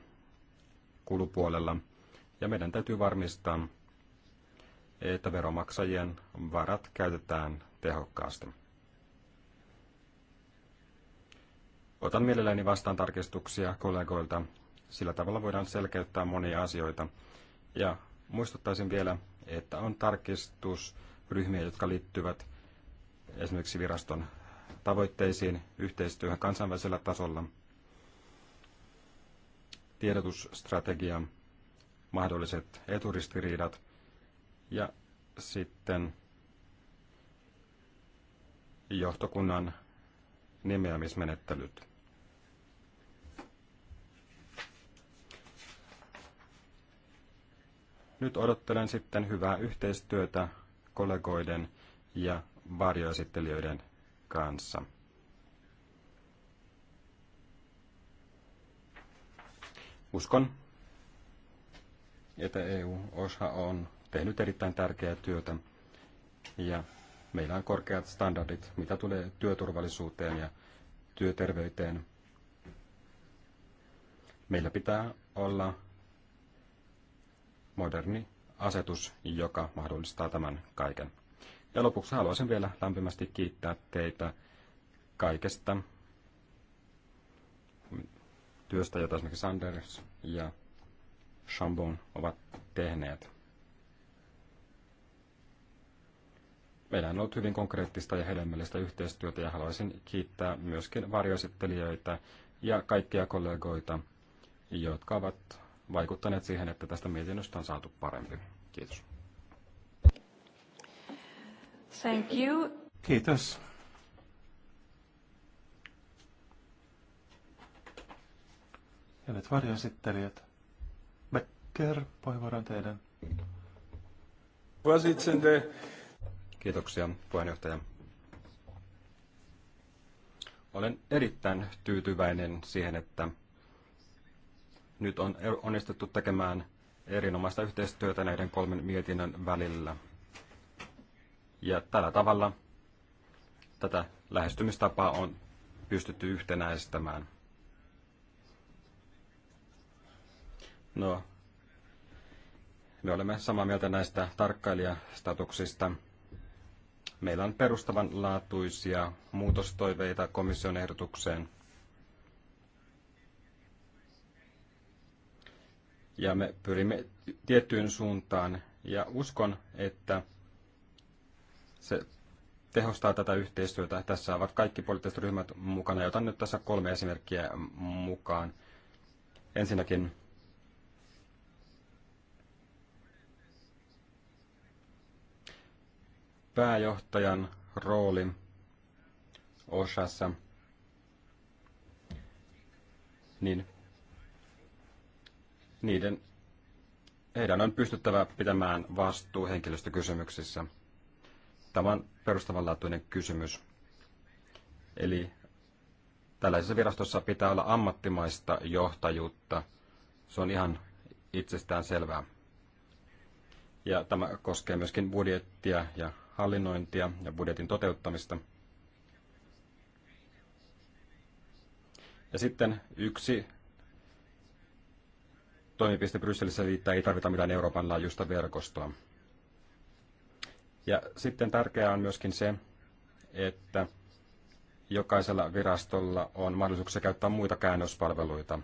kulupuolella ja meidän täytyy varmistaa, että veromaksajien varat käytetään tehokkaasti. Otan mielelläni vastaan tarkistuksia kollegoilta. Sillä tavalla voidaan selkeyttää monia asioita. Ja muistuttaisin vielä, että on tarkistusryhmiä, jotka liittyvät esimerkiksi viraston tavoitteisiin, yhteistyöhön kansainvälisellä tasolla, tiedotusstrategia, mahdolliset eturistiriidat ja sitten johtokunnan nimeämismenettelyt. Nyt odottelen sitten hyvää yhteistyötä kollegoiden ja varjoesittelijöiden kanssa. Uskon, että EU-osa on tehnyt erittäin tärkeää työtä ja meillä on korkeat standardit, mitä tulee työturvallisuuteen ja työterveyteen. Meillä pitää olla moderni asetus, joka mahdollistaa tämän kaiken. Ja lopuksi haluaisin vielä lämpimästi kiittää teitä kaikesta työstä, jota esimerkiksi Sanders ja Chambon ovat tehneet. Meillä on ollut hyvin konkreettista ja hedelmällistä yhteistyötä ja haluaisin kiittää myöskin varjoesittelijöitä ja kaikkia kollegoita, jotka ovat vaikuttaneet siihen, että tästä mietinnöstä on saatu parempi. Kiitos. Thank you. Kiitos. Ja nyt varjoesittelijät. Becker, puheenvuoron teidän. Vasitsende. Kiitoksia, puheenjohtaja. Olen erittäin tyytyväinen siihen, että nyt on onnistuttu tekemään erinomaista yhteistyötä näiden kolmen mietinnön välillä. Ja tällä tavalla tätä lähestymistapaa on pystytty yhtenäistämään. No, me olemme samaa mieltä näistä tarkkailijastatuksista. Meillä on perustavanlaatuisia muutostoiveita komission ehdotukseen. Ja me pyrimme tiettyyn suuntaan ja uskon, että se tehostaa tätä yhteistyötä. Tässä ovat kaikki poliittiset ryhmät mukana. Ja otan nyt tässä kolme esimerkkiä mukaan. Ensinnäkin pääjohtajan roolin osassa, niin niiden, heidän on pystyttävä pitämään vastuu henkilöstökysymyksissä. Tämä on perustavanlaatuinen kysymys. Eli tällaisessa virastossa pitää olla ammattimaista johtajuutta. Se on ihan itsestään selvää. Ja tämä koskee myöskin budjettia ja hallinnointia ja budjetin toteuttamista. Ja sitten yksi toimipiste Brysselissä liittää, ei tarvita mitään Euroopan laajuista verkostoa. Ja sitten tärkeää on myöskin se, että jokaisella virastolla on mahdollisuuksia käyttää muita käännöspalveluita.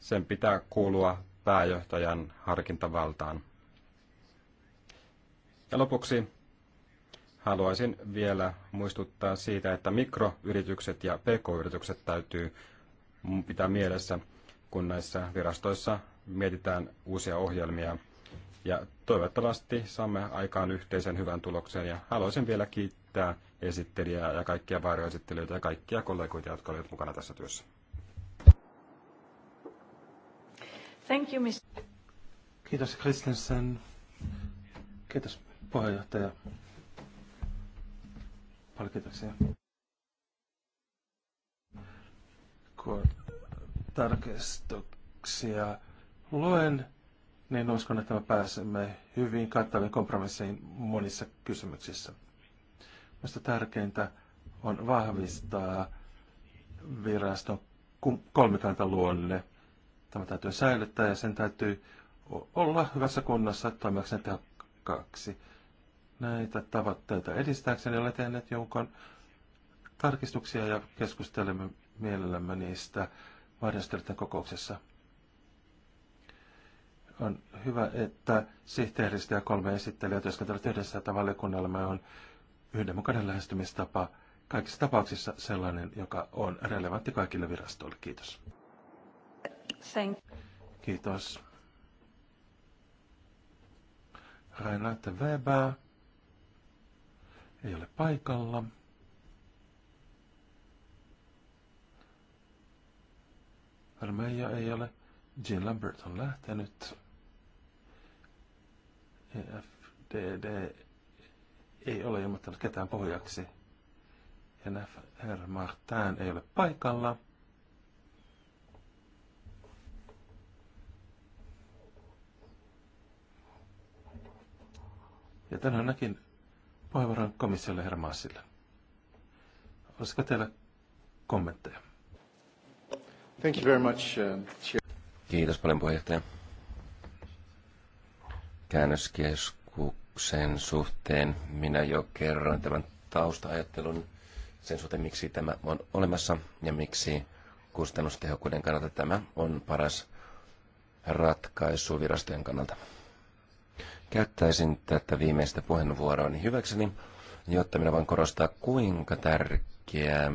Sen pitää kuulua pääjohtajan harkintavaltaan. Ja lopuksi haluaisin vielä muistuttaa siitä, että mikroyritykset ja pk-yritykset täytyy pitää mielessä, kun näissä virastoissa mietitään uusia ohjelmia. Ja toivottavasti saamme aikaan yhteisen hyvän tuloksen ja haluaisin vielä kiittää esittelijää ja kaikkia varjoesittelijöitä ja kaikkia kollegoita, jotka olivat mukana tässä työssä. Thank you, Mr. Kiitos Kristensen. Kiitos puheenjohtaja. Paljon kiitoksia. tarkistuksia luen, niin uskon, että me pääsemme hyvin kattaviin kompromisseihin monissa kysymyksissä. Minusta tärkeintä on vahvistaa viraston kolmikantaluonne. Tämä täytyy säilyttää ja sen täytyy olla hyvässä kunnossa toimijakseen tehokkaaksi näitä tavoitteita edistääkseni. Olen tehnyt jonkun tarkistuksia ja keskustelemme mielellämme niistä varjastelijoiden kokouksessa. On hyvä, että sihteeristä ja kolme esittelijää työskentelevät yhdessä, että valiokunnallamme on yhdenmukainen lähestymistapa kaikissa tapauksissa sellainen, joka on relevantti kaikille virastoille. Kiitos. Thank. Kiitos. Renate Weber ei ole paikalla. Armeija ei ole. Jean Lambert on lähtenyt. EFDD ei ole ilmoittanut ketään pohjaksi. Ja NFR Martin ei ole paikalla. Ja tänään näkin puheenvuoron komissiolle herra Maasille. Olisiko teillä kommentteja? Thank you very much, uh, Kiitos paljon puheenjohtaja. Käännöskeskuksen suhteen minä jo kerroin tämän taustaajattelun sen suhteen, miksi tämä on olemassa ja miksi kustannustehokkuuden kannalta tämä on paras ratkaisu virastojen kannalta. Käyttäisin tätä viimeistä niin hyväkseni, jotta minä voin korostaa, kuinka tärkeää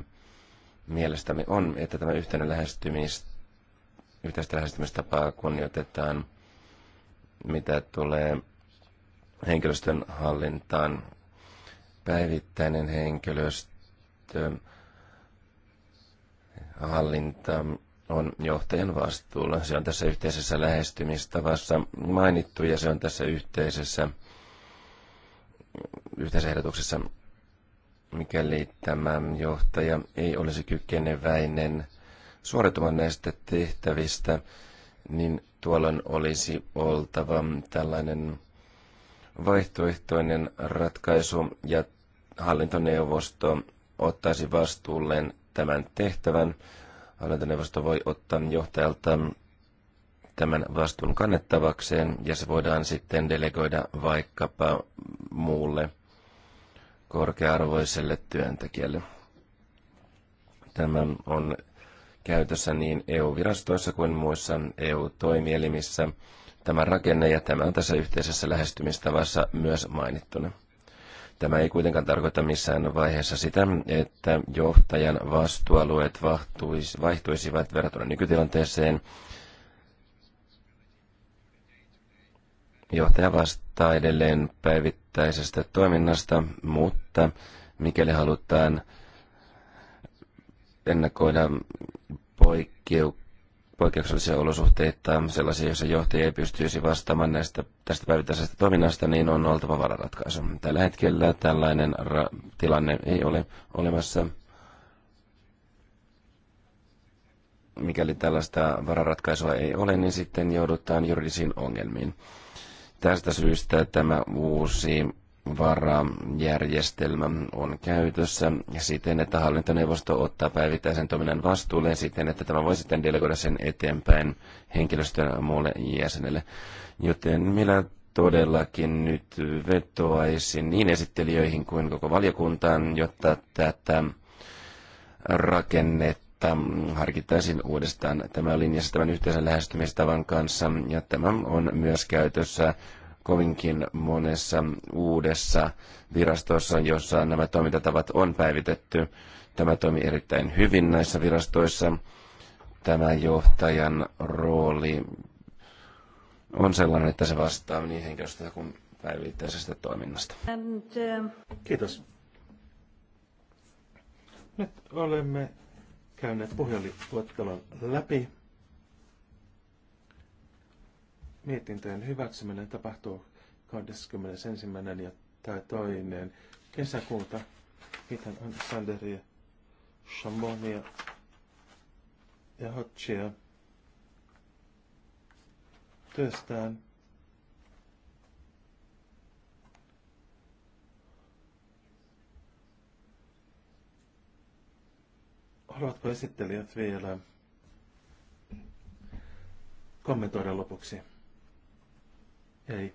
mielestämme on, että tämä yhteinen lähestymis, yhteistä lähestymistapaa kunnioitetaan, mitä tulee henkilöstön hallintaan, päivittäinen henkilöstö, hallinta, on johtajan vastuulla. Se on tässä yhteisessä lähestymistavassa mainittu ja se on tässä yhteisessä yhteisehdotuksessa, mikäli tämä johtaja ei olisi kykeneväinen suoritumaan näistä tehtävistä, niin tuolloin olisi oltava tällainen vaihtoehtoinen ratkaisu ja hallintoneuvosto ottaisi vastuulleen tämän tehtävän hallintoneuvosto voi ottaa johtajalta tämän vastuun kannettavakseen ja se voidaan sitten delegoida vaikkapa muulle korkearvoiselle työntekijälle. Tämä on käytössä niin EU-virastoissa kuin muissa EU-toimielimissä. Tämä rakenne ja tämä on tässä yhteisessä lähestymistavassa myös mainittuna. Tämä ei kuitenkaan tarkoita missään vaiheessa sitä, että johtajan vastuualueet vaihtuisivat verrattuna nykytilanteeseen. Johtaja vastaa edelleen päivittäisestä toiminnasta, mutta mikäli halutaan ennakoida poikkeuksia, poikkeuksellisia olosuhteita, sellaisia, joissa johtaja ei pystyisi vastaamaan näistä, tästä päivittäisestä toiminnasta, niin on oltava vararatkaisu. Tällä hetkellä tällainen tilanne ei ole olemassa. Mikäli tällaista vararatkaisua ei ole, niin sitten joudutaan juridisiin ongelmiin. Tästä syystä tämä uusi varajärjestelmä on käytössä siten, että hallintoneuvosto ottaa päivittäisen toiminnan vastuulleen siten, että tämä voi sitten delegoida sen eteenpäin henkilöstön muulle jäsenelle. Joten minä todellakin nyt vetoaisin niin esittelijöihin kuin koko valiokuntaan, jotta tätä rakennetta harkittaisin uudestaan. Tämä linjassa tämän yhteisen lähestymistavan kanssa ja tämä on myös käytössä kovinkin monessa uudessa virastossa, jossa nämä toimintatavat on päivitetty. Tämä toimii erittäin hyvin näissä virastoissa. Tämä johtajan rooli on sellainen, että se vastaa niin henkilöstöä kuin päivittäisestä toiminnasta. And, um... Kiitos. Nyt olemme käyneet puhelinluettelon läpi mietintöjen hyväksyminen tapahtuu 21. ja tai toinen kesäkuuta. Kiitän Sanderia, Shambonia ja Hotchia työstään. Haluatko esittelijät vielä kommentoida lopuksi? Ei.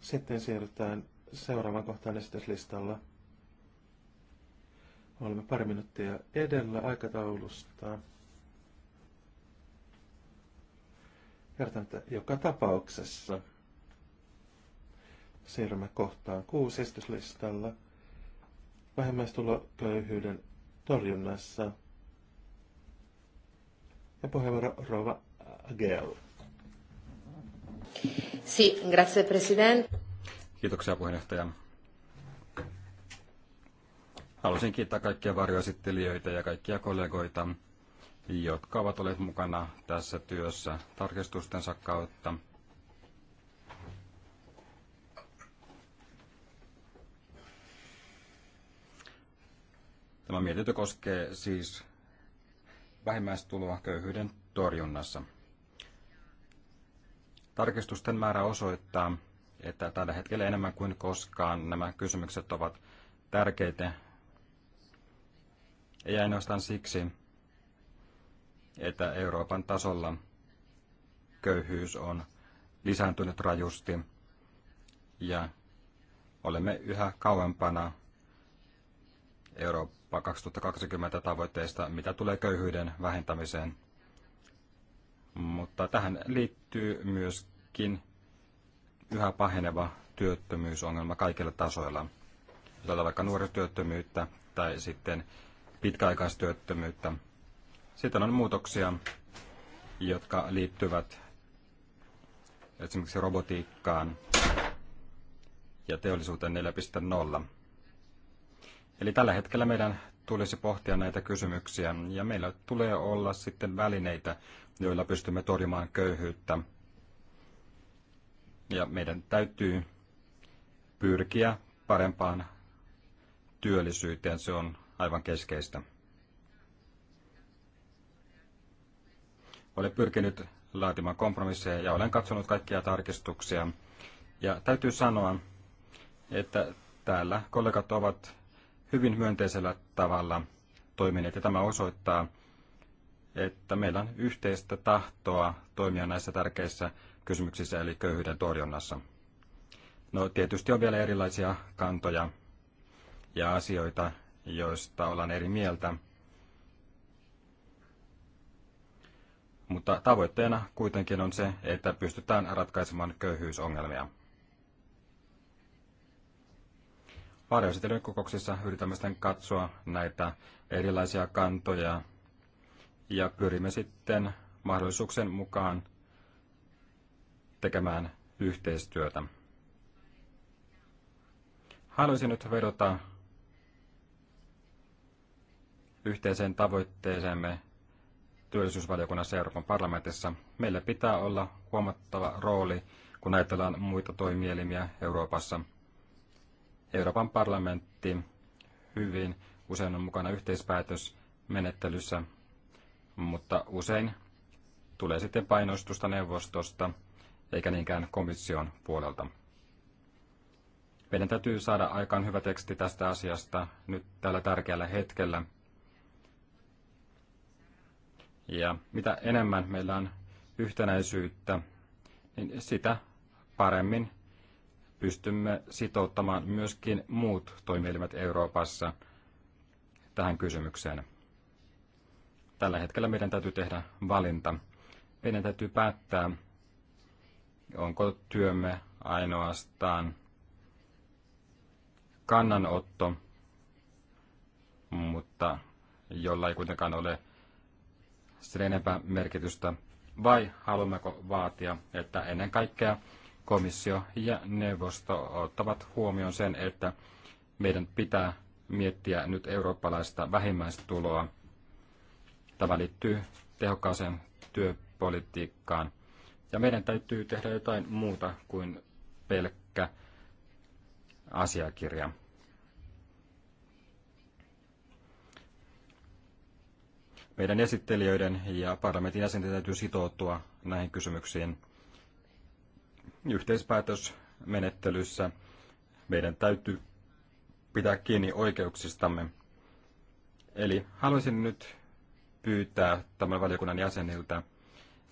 Sitten siirrytään seuraavaan kohtaan esityslistalla. Olemme pari minuuttia edellä aikataulusta. Kertaan, että joka tapauksessa siirrymme kohtaan kuusi esityslistalla köyhyyden torjunnassa. Ja puheenvuoro Rova Agel. Si, grazie Kiitoksia puheenjohtaja. Haluaisin kiittää kaikkia varjoesittelijöitä ja kaikkia kollegoita, jotka ovat olleet mukana tässä työssä tarkistustensa kautta. Tämä mietintö koskee siis vähimmäistuloa köyhyyden torjunnassa. Tarkistusten määrä osoittaa, että tällä hetkellä enemmän kuin koskaan nämä kysymykset ovat tärkeitä. Ei ainoastaan siksi, että Euroopan tasolla köyhyys on lisääntynyt rajusti ja olemme yhä kauempana Eurooppa 2020 tavoitteista, mitä tulee köyhyyden vähentämiseen – mutta tähän liittyy myöskin yhä paheneva työttömyysongelma kaikilla tasoilla. Jos vaikka nuorisotyöttömyyttä tai sitten pitkäaikaistyöttömyyttä. Sitten on muutoksia, jotka liittyvät esimerkiksi robotiikkaan ja teollisuuteen 4.0. Eli tällä hetkellä meidän tulisi pohtia näitä kysymyksiä ja meillä tulee olla sitten välineitä joilla pystymme torjumaan köyhyyttä. Ja meidän täytyy pyrkiä parempaan työllisyyteen, se on aivan keskeistä. Olen pyrkinyt laatimaan kompromisseja ja olen katsonut kaikkia tarkistuksia. Ja täytyy sanoa, että täällä kollegat ovat hyvin myönteisellä tavalla toimineet ja tämä osoittaa, että meillä on yhteistä tahtoa toimia näissä tärkeissä kysymyksissä, eli köyhyyden torjunnassa. No tietysti on vielä erilaisia kantoja ja asioita, joista ollaan eri mieltä. Mutta tavoitteena kuitenkin on se, että pystytään ratkaisemaan köyhyysongelmia. Varjoesitelyn kokouksissa yritämme sitten katsoa näitä erilaisia kantoja ja pyrimme sitten mahdollisuuksien mukaan tekemään yhteistyötä. Haluaisin nyt vedota yhteiseen tavoitteeseemme työllisyysvaliokunnassa Euroopan parlamentissa. Meillä pitää olla huomattava rooli, kun ajatellaan muita toimielimiä Euroopassa. Euroopan parlamentti hyvin usein on mukana yhteispäätösmenettelyssä mutta usein tulee sitten painostusta neuvostosta eikä niinkään komission puolelta. Meidän täytyy saada aikaan hyvä teksti tästä asiasta nyt tällä tärkeällä hetkellä. Ja mitä enemmän meillä on yhtenäisyyttä, niin sitä paremmin pystymme sitouttamaan myöskin muut toimielimet Euroopassa tähän kysymykseen tällä hetkellä meidän täytyy tehdä valinta. Meidän täytyy päättää, onko työmme ainoastaan kannanotto, mutta jolla ei kuitenkaan ole sen enempää merkitystä, vai haluammeko vaatia, että ennen kaikkea komissio ja neuvosto ottavat huomioon sen, että meidän pitää miettiä nyt eurooppalaista vähimmäistuloa – Tämä liittyy tehokkaaseen työpolitiikkaan. Ja meidän täytyy tehdä jotain muuta kuin pelkkä asiakirja. Meidän esittelijöiden ja parlamentin jäsenten täytyy sitoutua näihin kysymyksiin yhteispäätösmenettelyssä. Meidän täytyy pitää kiinni oikeuksistamme. Eli haluaisin nyt pyytää tämän valiokunnan jäseniltä,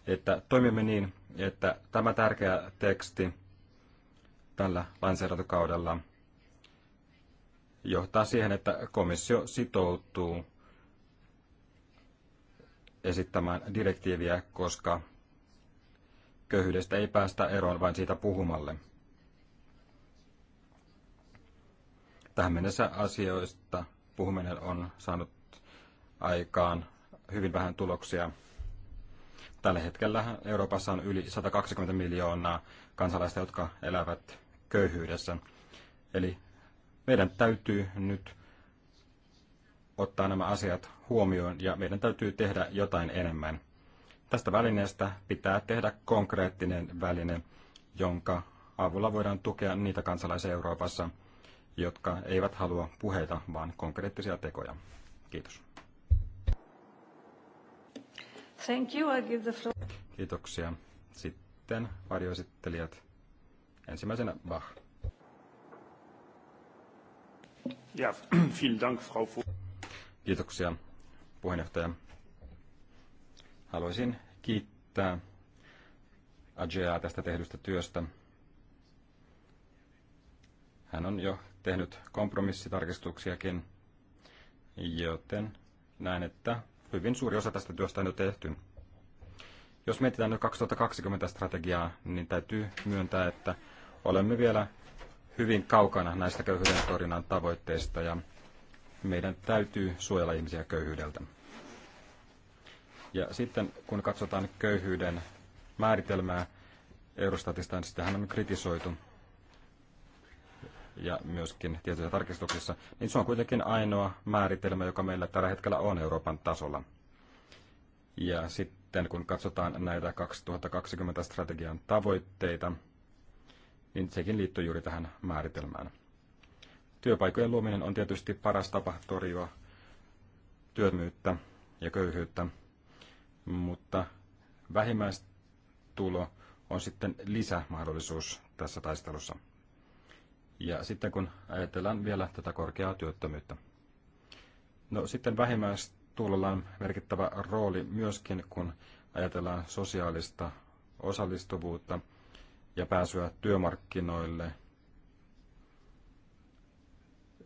että toimimme niin, että tämä tärkeä teksti tällä lainsäädäntökaudella johtaa siihen, että komissio sitoutuu esittämään direktiiviä, koska köyhyydestä ei päästä eroon vain siitä puhumalle. Tähän mennessä asioista puhuminen on saanut aikaan hyvin vähän tuloksia. Tällä hetkellä Euroopassa on yli 120 miljoonaa kansalaista, jotka elävät köyhyydessä. Eli meidän täytyy nyt ottaa nämä asiat huomioon ja meidän täytyy tehdä jotain enemmän. Tästä välineestä pitää tehdä konkreettinen väline, jonka avulla voidaan tukea niitä kansalaisia Euroopassa, jotka eivät halua puheita, vaan konkreettisia tekoja. Kiitos. Thank you. I give the floor. Kiitoksia. Sitten varjoesittelijät. Ensimmäisenä Bach. Ja, vielen Dank, Frau Kiitoksia, puheenjohtaja. Haluaisin kiittää Ajaa tästä tehdystä työstä. Hän on jo tehnyt kompromissitarkistuksiakin, joten näen, että hyvin suuri osa tästä työstä on jo tehty. Jos mietitään nyt 2020 strategiaa, niin täytyy myöntää, että olemme vielä hyvin kaukana näistä köyhyyden torjunnan tavoitteista ja meidän täytyy suojella ihmisiä köyhyydeltä. Ja sitten kun katsotaan köyhyyden määritelmää Eurostatista, niin sitähän on kritisoitu ja myöskin tietyissä tarkistuksissa, niin se on kuitenkin ainoa määritelmä, joka meillä tällä hetkellä on Euroopan tasolla. Ja sitten kun katsotaan näitä 2020 strategian tavoitteita, niin sekin liittyy juuri tähän määritelmään. Työpaikojen luominen on tietysti paras tapa torjua työttömyyttä ja köyhyyttä, mutta vähimmäistulo on sitten lisämahdollisuus tässä taistelussa. Ja sitten kun ajatellaan vielä tätä korkeaa työttömyyttä. No sitten vähimmäistuulolla on merkittävä rooli myöskin, kun ajatellaan sosiaalista osallistuvuutta ja pääsyä työmarkkinoille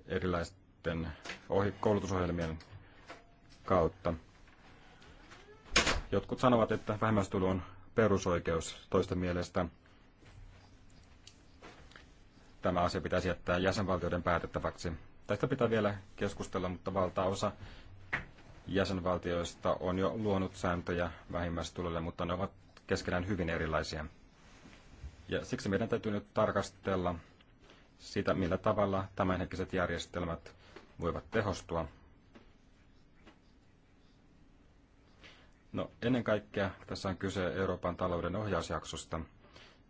erilaisten ohi koulutusohjelmien kautta. Jotkut sanovat, että vähimmäistulo on perusoikeus toisten mielestä – tämä asia pitäisi jättää jäsenvaltioiden päätettäväksi. Tästä pitää vielä keskustella, mutta valtaosa jäsenvaltioista on jo luonut sääntöjä vähimmäistulolle, mutta ne ovat keskenään hyvin erilaisia. Ja siksi meidän täytyy nyt tarkastella sitä, millä tavalla tämänhetkiset järjestelmät voivat tehostua. No, ennen kaikkea tässä on kyse Euroopan talouden ohjausjaksosta,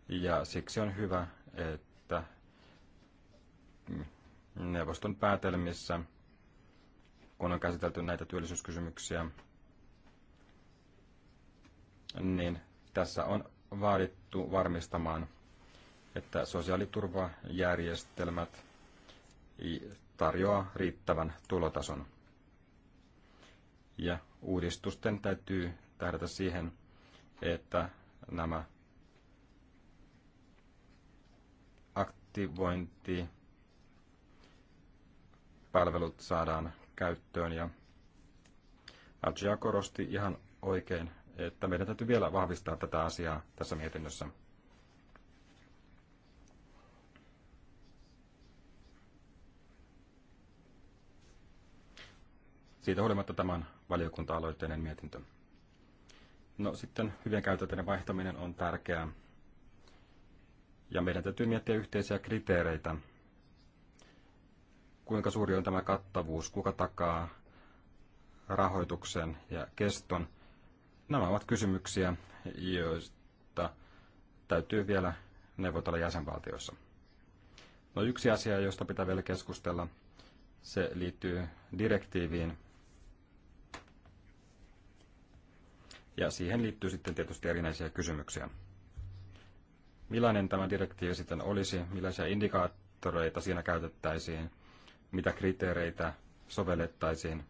ja siksi on hyvä, että neuvoston päätelmissä, kun on käsitelty näitä työllisyyskysymyksiä, niin tässä on vaadittu varmistamaan, että sosiaaliturvajärjestelmät tarjoaa riittävän tulotason. Ja uudistusten täytyy tähdätä siihen, että nämä aktivointi palvelut saadaan käyttöön. Ja Adjia korosti ihan oikein, että meidän täytyy vielä vahvistaa tätä asiaa tässä mietinnössä. Siitä huolimatta tämän valiokunta-aloitteinen mietintö. No sitten hyvien käytänteiden vaihtaminen on tärkeää. Ja meidän täytyy miettiä yhteisiä kriteereitä kuinka suuri on tämä kattavuus, kuka takaa rahoituksen ja keston. Nämä ovat kysymyksiä, joista täytyy vielä neuvotella jäsenvaltioissa. No yksi asia, josta pitää vielä keskustella, se liittyy direktiiviin. Ja siihen liittyy sitten tietysti erinäisiä kysymyksiä. Millainen tämä direktiivi sitten olisi, millaisia indikaattoreita siinä käytettäisiin – mitä kriteereitä sovellettaisiin.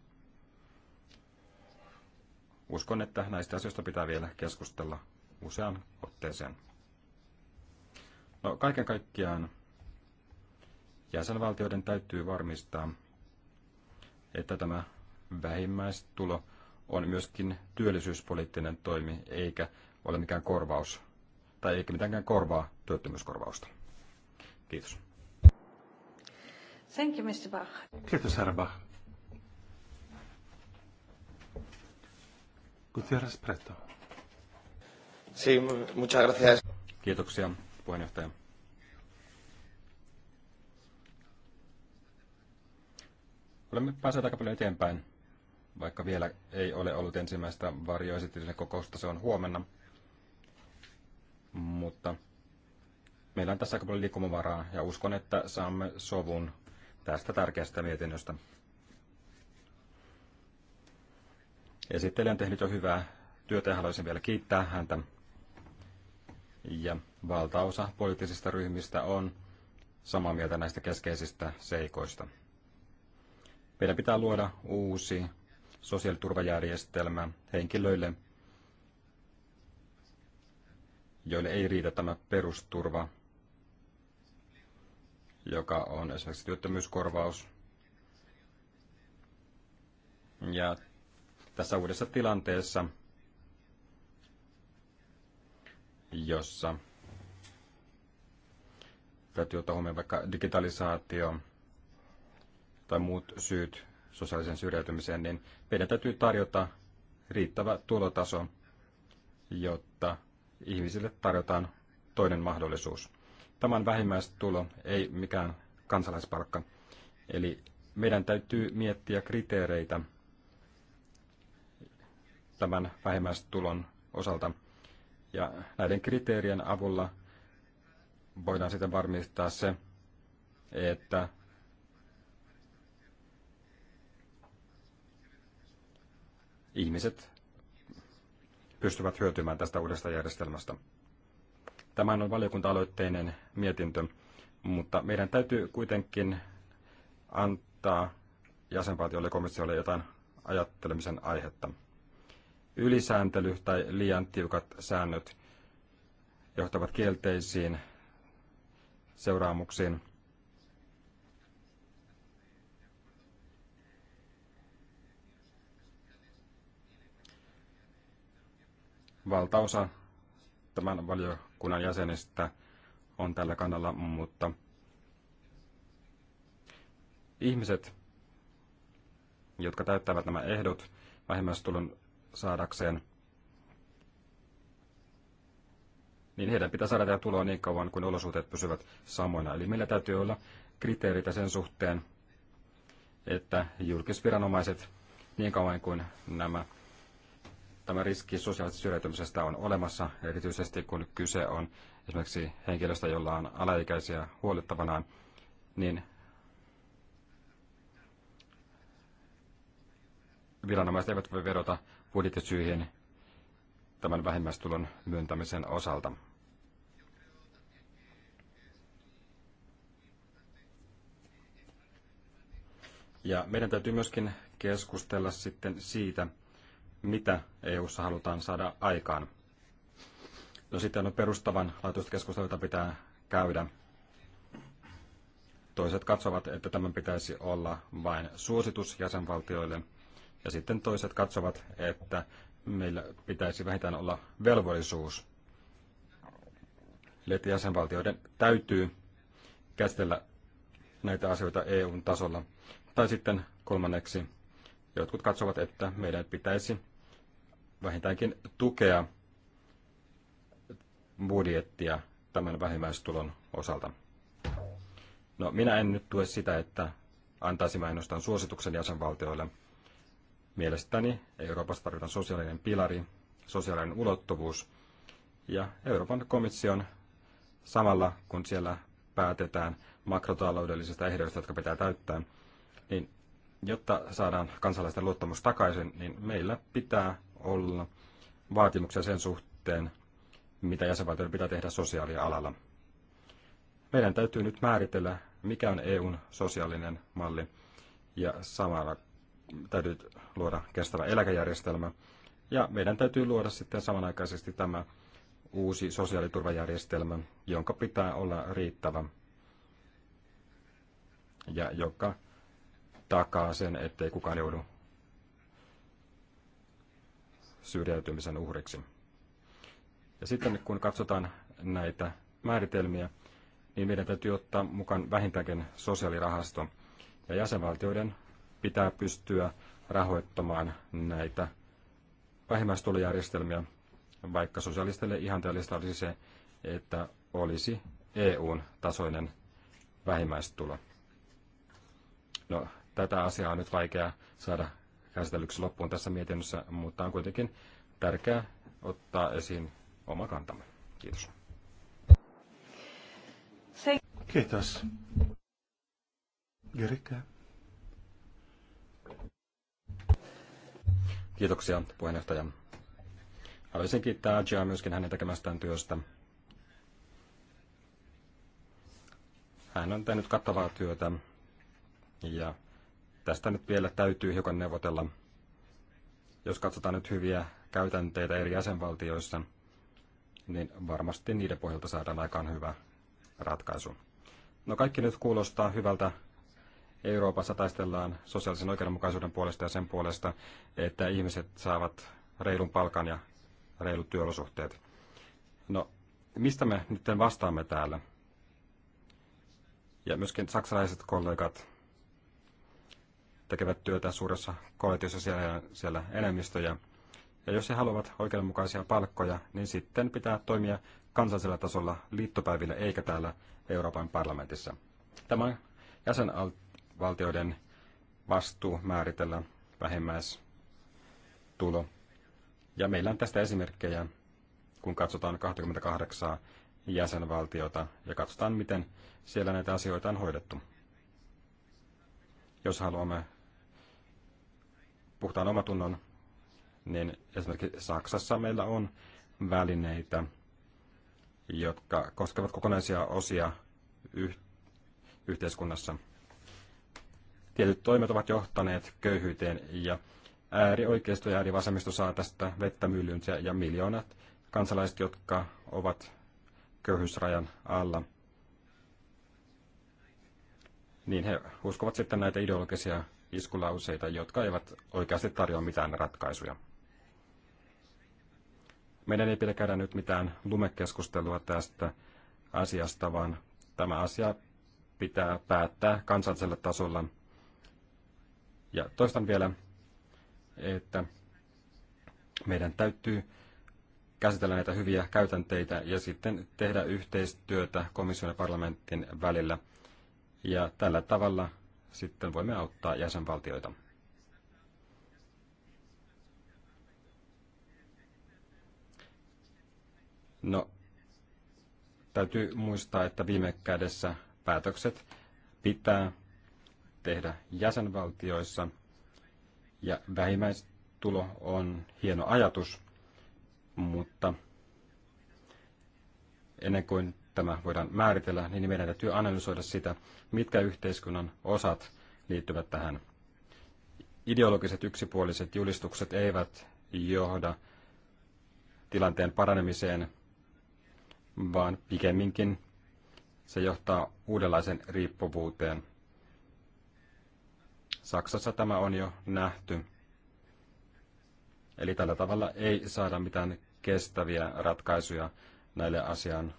Uskon, että näistä asioista pitää vielä keskustella usean otteeseen. No, kaiken kaikkiaan jäsenvaltioiden täytyy varmistaa, että tämä vähimmäistulo on myöskin työllisyyspoliittinen toimi, eikä ole mikään korvaus, tai eikä mitenkään korvaa työttömyyskorvausta. Kiitos. Thank you, Mr. Bach. Kiitos, herra Bach. Gutierrez Preto. Sí, muchas gracias. Kiitoksia, puheenjohtaja. Olemme päässeet aika paljon eteenpäin, vaikka vielä ei ole ollut ensimmäistä varjoesitysten kokousta, se on huomenna. Mutta meillä on tässä aika paljon liikkumavaraa ja uskon, että saamme sovun tästä tärkeästä mietinnöstä. Esittelijä on tehnyt jo hyvää työtä ja haluaisin vielä kiittää häntä. Ja valtaosa poliittisista ryhmistä on samaa mieltä näistä keskeisistä seikoista. Meidän pitää luoda uusi sosiaaliturvajärjestelmä henkilöille, joille ei riitä tämä perusturva, joka on esimerkiksi työttömyyskorvaus. Ja tässä uudessa tilanteessa, jossa täytyy ottaa huomioon vaikka digitalisaatio tai muut syyt sosiaalisen syrjäytymiseen, niin meidän täytyy tarjota riittävä tulotaso, jotta ihmisille tarjotaan toinen mahdollisuus. Tämän vähimmäistulo, ei mikään kansalaispalkka. Eli meidän täytyy miettiä kriteereitä tämän vähimmäistulon osalta. Ja näiden kriteerien avulla voidaan sitten varmistaa se, että ihmiset pystyvät hyötymään tästä uudesta järjestelmästä. Tämä on valiokunta-aloitteinen mietintö, mutta meidän täytyy kuitenkin antaa jäsenvaltiolle ja komissiolle jotain ajattelemisen aihetta. Ylisääntely tai liian tiukat säännöt johtavat kielteisiin seuraamuksiin. Valtaosa tämän valiokunnan jäsenistä on tällä kannalla, mutta ihmiset, jotka täyttävät nämä ehdot vähimmäistulon saadakseen, niin heidän pitää saada tämä tuloa niin kauan kuin olosuhteet pysyvät samoina. Eli meillä täytyy olla kriteerit sen suhteen, että julkisviranomaiset niin kauan kuin nämä tämä riski sosiaalisesta syrjäytymisestä on olemassa, erityisesti kun kyse on esimerkiksi henkilöstä, jolla on alaikäisiä huolettavanaan, niin viranomaiset eivät voi vedota budjettisyihin tämän vähimmäistulon myöntämisen osalta. Ja meidän täytyy myöskin keskustella sitten siitä, mitä EU:ssa halutaan saada aikaan. No sitten on perustavanlaatuista keskustelua, jota pitää käydä. Toiset katsovat, että tämän pitäisi olla vain suositus jäsenvaltioille, ja sitten toiset katsovat, että meillä pitäisi vähintään olla velvollisuus. Eli että jäsenvaltioiden täytyy käsitellä näitä asioita EUn tasolla. Tai sitten kolmanneksi, jotkut katsovat, että meidän pitäisi vähintäänkin tukea budjettia tämän vähimmäistulon osalta. No, minä en nyt tue sitä, että antaisimme ainoastaan suosituksen jäsenvaltioille. Mielestäni Euroopassa tarvitaan sosiaalinen pilari, sosiaalinen ulottuvuus ja Euroopan komission samalla, kun siellä päätetään makrotaloudellisista ehdoista, jotka pitää täyttää, niin jotta saadaan kansalaisten luottamus takaisin, niin meillä pitää olla vaatimuksia sen suhteen, mitä jäsenvaltioiden pitää tehdä sosiaalialalla. Meidän täytyy nyt määritellä, mikä on EUn sosiaalinen malli, ja samalla täytyy luoda kestävä eläkejärjestelmä, ja meidän täytyy luoda sitten samanaikaisesti tämä uusi sosiaaliturvajärjestelmä, jonka pitää olla riittävä ja joka takaa sen, ettei kukaan joudu syrjäytymisen uhriksi. Ja sitten kun katsotaan näitä määritelmiä, niin meidän täytyy ottaa mukaan vähintäänkin sosiaalirahasto. Ja jäsenvaltioiden pitää pystyä rahoittamaan näitä vähimmäistulojärjestelmiä, vaikka sosialistille ihanteellista olisi se, että olisi EUn tasoinen vähimmäistulo. No, tätä asiaa on nyt vaikea saada käsitellyksi loppuun tässä mietinnössä, mutta on kuitenkin tärkeää ottaa esiin oma kantamme. Kiitos. Kiitos. Jerikkä. Kiitoksia puheenjohtaja. Haluaisin kiittää Ajaa myöskin hänen tekemästään työstä. Hän on tehnyt kattavaa työtä ja Tästä nyt vielä täytyy hiukan neuvotella. Jos katsotaan nyt hyviä käytänteitä eri jäsenvaltioissa, niin varmasti niiden pohjalta saadaan aikaan hyvä ratkaisu. No kaikki nyt kuulostaa hyvältä. Euroopassa taistellaan sosiaalisen oikeudenmukaisuuden puolesta ja sen puolesta, että ihmiset saavat reilun palkan ja reilut työolosuhteet. No, mistä me nyt vastaamme täällä? Ja myöskin saksalaiset kollegat tekevät työtä suuressa koalitiossa siellä, siellä enemmistöjä. Ja jos he haluavat oikeudenmukaisia palkkoja, niin sitten pitää toimia kansallisella tasolla liittopäivillä eikä täällä Euroopan parlamentissa. Tämä jäsenvaltioiden vastuu määritellä vähimmäistulo. Ja meillä on tästä esimerkkejä, kun katsotaan 28 jäsenvaltiota ja katsotaan, miten siellä näitä asioita on hoidettu. Jos haluamme puhtaan omatunnon, niin esimerkiksi Saksassa meillä on välineitä, jotka koskevat kokonaisia osia yh- yhteiskunnassa. Tietyt toimet ovat johtaneet köyhyyteen ja äärioikeisto ja äärivasemmisto saa tästä vettä myllyynsä ja miljoonat kansalaiset, jotka ovat köyhyysrajan alla – niin he uskovat sitten näitä ideologisia iskulauseita, jotka eivät oikeasti tarjoa mitään ratkaisuja. Meidän ei pidä käydä nyt mitään lumekeskustelua tästä asiasta, vaan tämä asia pitää päättää kansallisella tasolla. Ja toistan vielä, että meidän täytyy käsitellä näitä hyviä käytänteitä ja sitten tehdä yhteistyötä komission ja parlamentin välillä – ja tällä tavalla sitten voimme auttaa jäsenvaltioita. No, täytyy muistaa, että viime kädessä päätökset pitää tehdä jäsenvaltioissa ja vähimmäistulo on hieno ajatus, mutta ennen kuin tämä voidaan määritellä, niin meidän täytyy analysoida sitä, mitkä yhteiskunnan osat liittyvät tähän. Ideologiset yksipuoliset julistukset eivät johda tilanteen paranemiseen, vaan pikemminkin se johtaa uudenlaisen riippuvuuteen. Saksassa tämä on jo nähty. Eli tällä tavalla ei saada mitään kestäviä ratkaisuja näille asian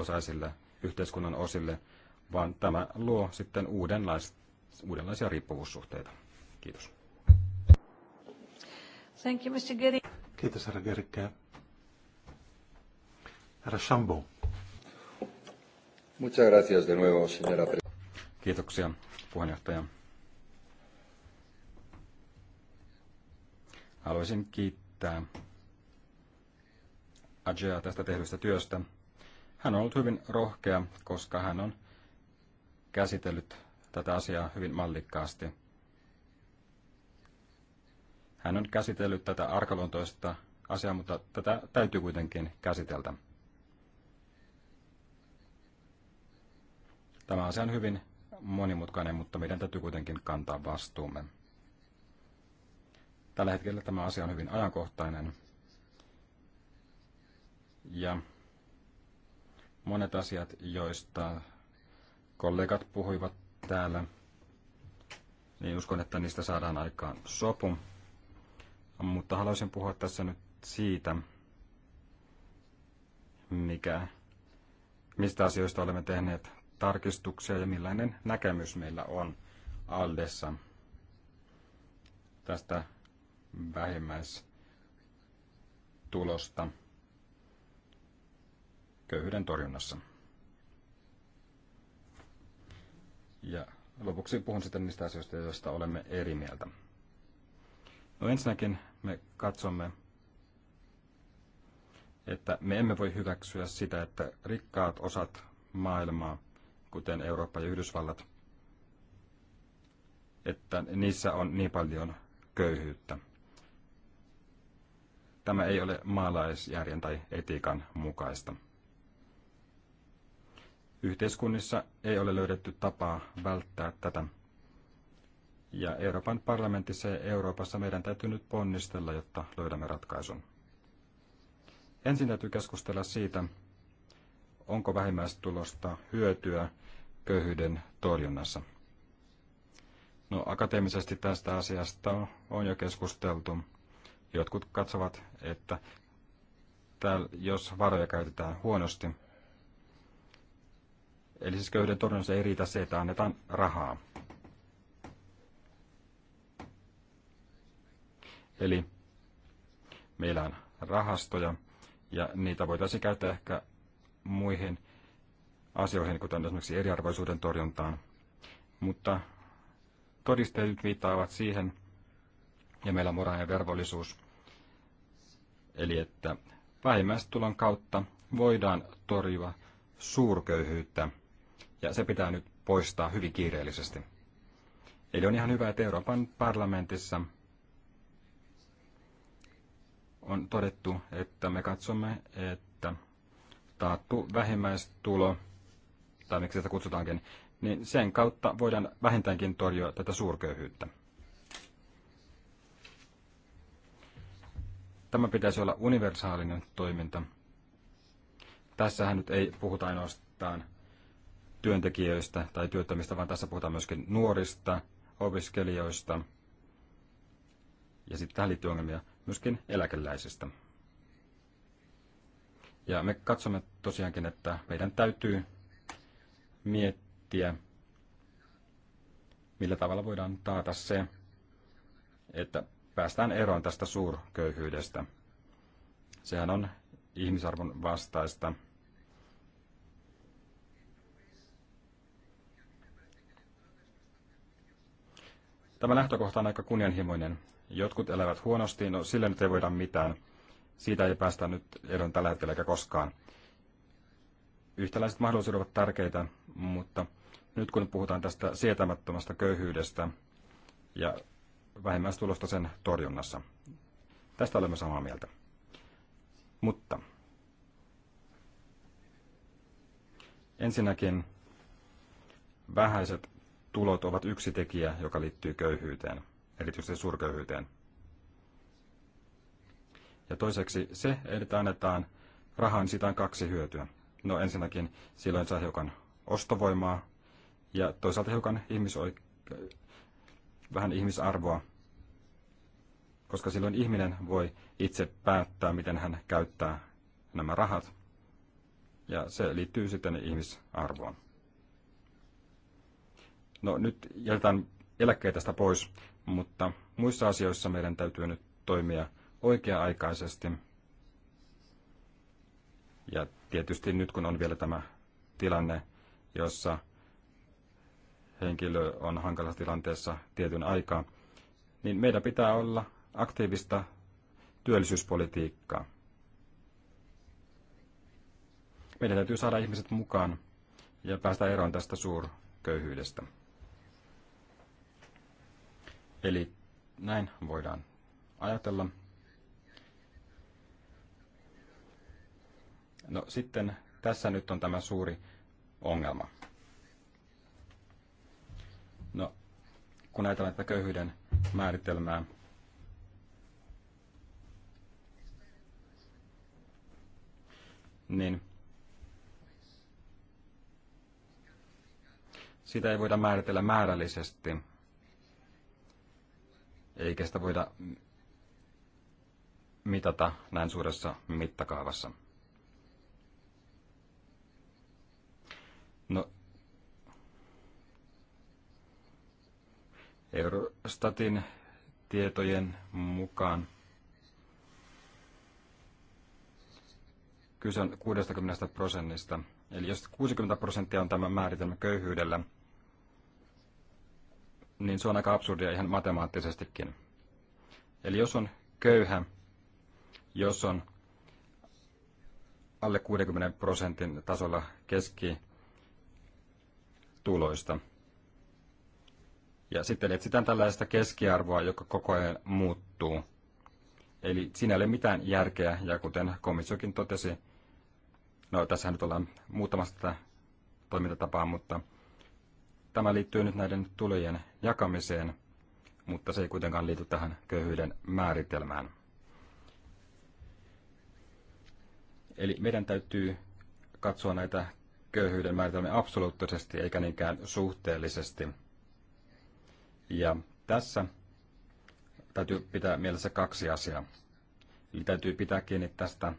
osaisille yhteiskunnan osille, vaan tämä luo sitten uudenlais, uudenlaisia riippuvuussuhteita. Kiitos. Thank you, Mr. Geri. Kiitos, herra Gerikkä. Herra Shambo. Muchas gracias de nuevo, señora Kiitoksia, puheenjohtaja. Haluaisin kiittää Ajaa tästä tehdystä työstä. Hän on ollut hyvin rohkea, koska hän on käsitellyt tätä asiaa hyvin mallikkaasti. Hän on käsitellyt tätä arkaluontoista asiaa, mutta tätä täytyy kuitenkin käsitellä. Tämä asia on hyvin monimutkainen, mutta meidän täytyy kuitenkin kantaa vastuumme. Tällä hetkellä tämä asia on hyvin ajankohtainen. Ja monet asiat, joista kollegat puhuivat täällä, niin uskon, että niistä saadaan aikaan sopu. Mutta haluaisin puhua tässä nyt siitä, mikä, mistä asioista olemme tehneet tarkistuksia ja millainen näkemys meillä on Aldessa tästä vähimmäistulosta köyhyyden torjunnassa. Ja lopuksi puhun sitten niistä asioista, joista olemme eri mieltä. No ensinnäkin me katsomme, että me emme voi hyväksyä sitä, että rikkaat osat maailmaa, kuten Eurooppa ja Yhdysvallat, että niissä on niin paljon köyhyyttä. Tämä ei ole maalaisjärjen tai etiikan mukaista. Yhteiskunnissa ei ole löydetty tapaa välttää tätä. Ja Euroopan parlamentissa ja Euroopassa meidän täytyy nyt ponnistella, jotta löydämme ratkaisun. Ensin täytyy keskustella siitä, onko vähimmäistulosta hyötyä köyhyyden torjunnassa. No, akateemisesti tästä asiasta on jo keskusteltu. Jotkut katsovat, että täällä, jos varoja käytetään huonosti, Eli siis köyhyyden torjunnassa ei riitä se, että annetaan rahaa. Eli meillä on rahastoja ja niitä voitaisiin käyttää ehkä muihin asioihin, kuten esimerkiksi eriarvoisuuden torjuntaan. Mutta todisteet viittaavat siihen, ja meillä on moraalinen velvollisuus, eli että vähimmäistulon kautta voidaan torjua suurköyhyyttä ja se pitää nyt poistaa hyvin kiireellisesti. Eli on ihan hyvä, että Euroopan parlamentissa on todettu, että me katsomme, että taattu vähimmäistulo, tai miksi sitä kutsutaankin, niin sen kautta voidaan vähintäänkin torjua tätä suurköyhyyttä. Tämä pitäisi olla universaalinen toiminta. Tässähän nyt ei puhuta ainoastaan työntekijöistä tai työttömistä, vaan tässä puhutaan myöskin nuorista, opiskelijoista ja sitten tähän liittyy ongelmia myöskin eläkeläisistä. Ja me katsomme tosiaankin, että meidän täytyy miettiä, millä tavalla voidaan taata se, että päästään eroon tästä suurköyhyydestä. Sehän on ihmisarvon vastaista. Tämä lähtökohta on aika kunnianhimoinen. Jotkut elävät huonosti, no sillä nyt ei voida mitään. Siitä ei päästä nyt eroon tällä hetkellä eikä koskaan. Yhtäläiset mahdollisuudet ovat tärkeitä, mutta nyt kun puhutaan tästä sietämättömästä köyhyydestä ja vähimmäistulosta sen torjunnassa, tästä olemme samaa mieltä. Mutta ensinnäkin vähäiset tulot ovat yksi tekijä, joka liittyy köyhyyteen, erityisesti suurköyhyyteen. Ja toiseksi se, että annetaan rahaa, niin on kaksi hyötyä. No ensinnäkin silloin saa hiukan ostovoimaa ja toisaalta hiukan ihmisoik- vähän ihmisarvoa, koska silloin ihminen voi itse päättää, miten hän käyttää nämä rahat. Ja se liittyy sitten ihmisarvoon. No nyt jätetään eläkkeet tästä pois, mutta muissa asioissa meidän täytyy nyt toimia oikea-aikaisesti. Ja tietysti nyt kun on vielä tämä tilanne, jossa henkilö on hankalassa tilanteessa tietyn aikaa, niin meidän pitää olla aktiivista työllisyyspolitiikkaa. Meidän täytyy saada ihmiset mukaan ja päästä eroon tästä suurköyhyydestä. Eli näin voidaan ajatella. No sitten tässä nyt on tämä suuri ongelma. No, kun ajatellaan tätä köyhyyden määritelmää, niin sitä ei voida määritellä määrällisesti – eikä sitä voida mitata näin suuressa mittakaavassa. No, Eurostatin tietojen mukaan kyse on 60 prosentista. Eli jos 60 prosenttia on tämä määritelmä köyhyydellä, niin se on aika absurdia ihan matemaattisestikin. Eli jos on köyhä, jos on alle 60 prosentin tasolla keskituloista, ja sitten etsitään tällaista keskiarvoa, joka koko ajan muuttuu. Eli siinä ei ole mitään järkeä, ja kuten komissiokin totesi, no tässä nyt ollaan muuttamassa tätä toimintatapaa, mutta Tämä liittyy nyt näiden tulojen jakamiseen, mutta se ei kuitenkaan liity tähän köyhyyden määritelmään. Eli meidän täytyy katsoa näitä köyhyyden määritelmiä absoluuttisesti eikä niinkään suhteellisesti. Ja tässä täytyy pitää mielessä kaksi asiaa. Eli täytyy pitää kiinni tästä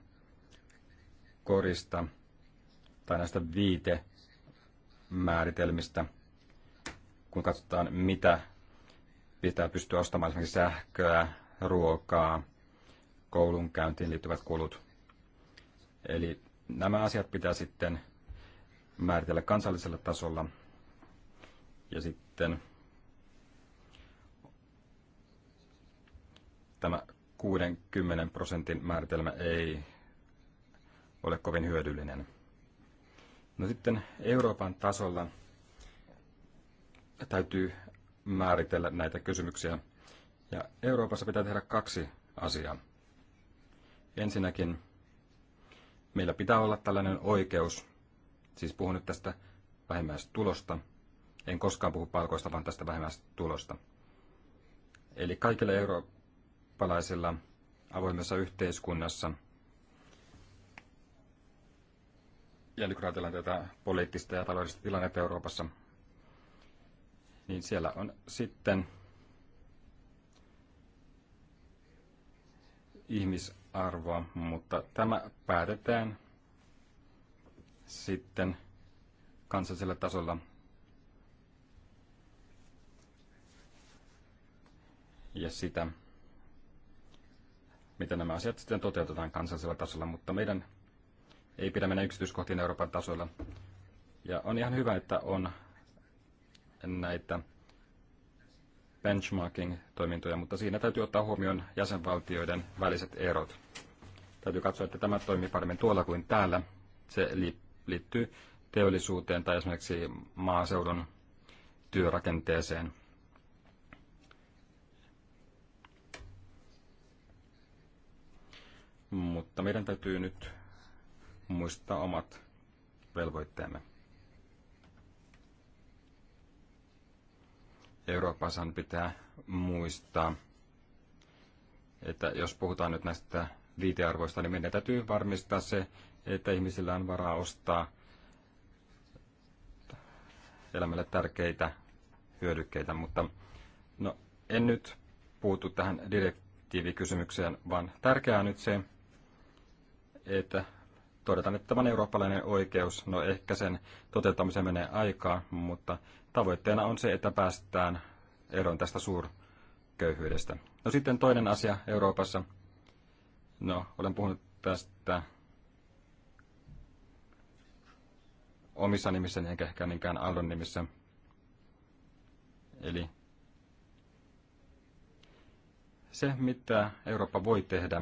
korista tai näistä viite määritelmistä – kun katsotaan, mitä pitää pystyä ostamaan esimerkiksi sähköä, ruokaa, koulunkäyntiin liittyvät kulut. Eli nämä asiat pitää sitten määritellä kansallisella tasolla. Ja sitten tämä 60 prosentin määritelmä ei ole kovin hyödyllinen. No sitten Euroopan tasolla – täytyy määritellä näitä kysymyksiä. Ja Euroopassa pitää tehdä kaksi asiaa. Ensinnäkin meillä pitää olla tällainen oikeus, siis puhun nyt tästä vähimmäistulosta. En koskaan puhu palkoista, vaan tästä vähimmäistulosta. Eli kaikilla eurooppalaisilla avoimessa yhteiskunnassa, ja nyt kun ajatellaan tätä poliittista ja taloudellista tilannetta Euroopassa, niin siellä on sitten ihmisarvoa, mutta tämä päätetään sitten kansallisella tasolla. Ja sitä, miten nämä asiat sitten toteutetaan kansallisella tasolla, mutta meidän ei pidä mennä yksityiskohtiin Euroopan tasolla. Ja on ihan hyvä, että on näitä benchmarking-toimintoja, mutta siinä täytyy ottaa huomioon jäsenvaltioiden väliset erot. Täytyy katsoa, että tämä toimii paremmin tuolla kuin täällä. Se liittyy teollisuuteen tai esimerkiksi maaseudun työrakenteeseen. Mutta meidän täytyy nyt muistaa omat velvoitteemme. Euroopassa pitää muistaa, että jos puhutaan nyt näistä viitearvoista, niin meidän täytyy varmistaa se, että ihmisillä on varaa ostaa elämälle tärkeitä hyödykkeitä, mutta no, en nyt puutu tähän direktiivikysymykseen, vaan tärkeää on nyt se, että todetaan, että tämä on eurooppalainen oikeus. No ehkä sen toteuttamiseen menee aikaa, mutta tavoitteena on se, että päästään eroon tästä suurköyhyydestä. No sitten toinen asia Euroopassa. No, olen puhunut tästä omissa nimissäni enkä ehkä niinkään Aldon nimissä. Eli se, mitä Eurooppa voi tehdä,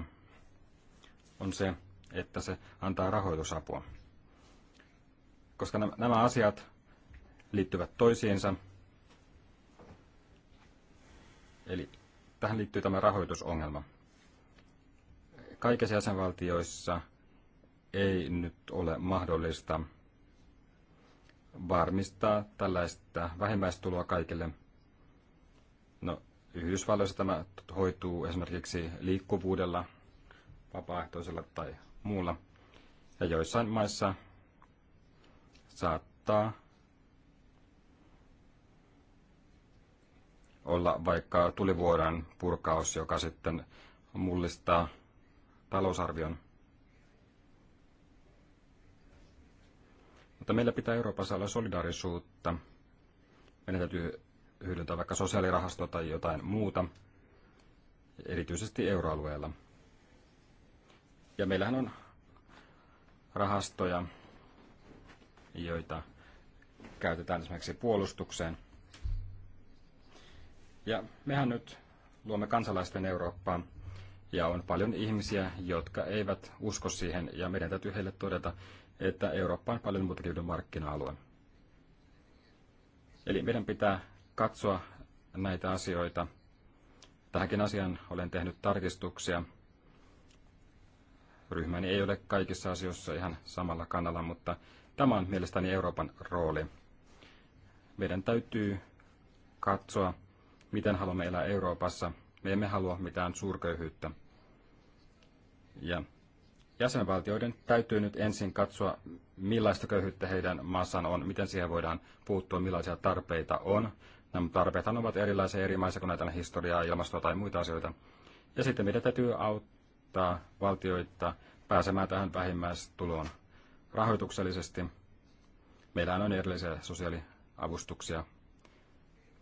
on se, että se antaa rahoitusapua. Koska nämä asiat liittyvät toisiinsa, eli tähän liittyy tämä rahoitusongelma. Kaikissa jäsenvaltioissa ei nyt ole mahdollista varmistaa tällaista vähimmäistuloa kaikille. No, Yhdysvalloissa tämä hoituu esimerkiksi liikkuvuudella, vapaaehtoisella tai muulla. Ja joissain maissa saattaa olla vaikka tulivuoren purkaus, joka sitten mullistaa talousarvion. Mutta meillä pitää Euroopassa olla solidaarisuutta. Meidän täytyy hyödyntää vaikka sosiaalirahastoa tai jotain muuta, erityisesti euroalueella. Ja meillähän on rahastoja, joita käytetään esimerkiksi puolustukseen. Ja mehän nyt luomme kansalaisten Eurooppaa, ja on paljon ihmisiä, jotka eivät usko siihen, ja meidän täytyy heille todeta, että Eurooppa on paljon muutakin kuin markkina-alue. Eli meidän pitää katsoa näitä asioita. Tähänkin asiaan olen tehnyt tarkistuksia ryhmäni ei ole kaikissa asioissa ihan samalla kannalla, mutta tämä on mielestäni Euroopan rooli. Meidän täytyy katsoa, miten haluamme elää Euroopassa. Me emme halua mitään suurköyhyyttä. Ja jäsenvaltioiden täytyy nyt ensin katsoa, millaista köyhyyttä heidän maassaan on, miten siihen voidaan puuttua, millaisia tarpeita on. Nämä tarpeethan ovat erilaisia eri maissa, kun näitä historiaa, ilmastoa tai muita asioita. Ja sitten meidän täytyy auttaa auttaa valtioita pääsemään tähän vähimmäistuloon rahoituksellisesti. Meillä on erillisiä sosiaaliavustuksia,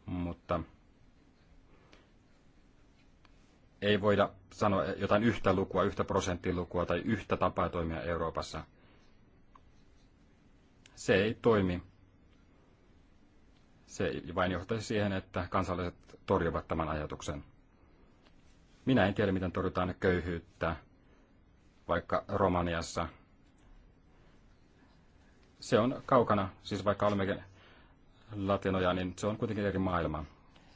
mutta ei voida sanoa jotain yhtä lukua, yhtä prosenttilukua tai yhtä tapaa toimia Euroopassa. Se ei toimi. Se vain johtaisi siihen, että kansalaiset torjuvat tämän ajatuksen. Minä en tiedä, miten torjutaan köyhyyttä vaikka Romaniassa. Se on kaukana, siis vaikka olemme latinoja, niin se on kuitenkin eri maailma.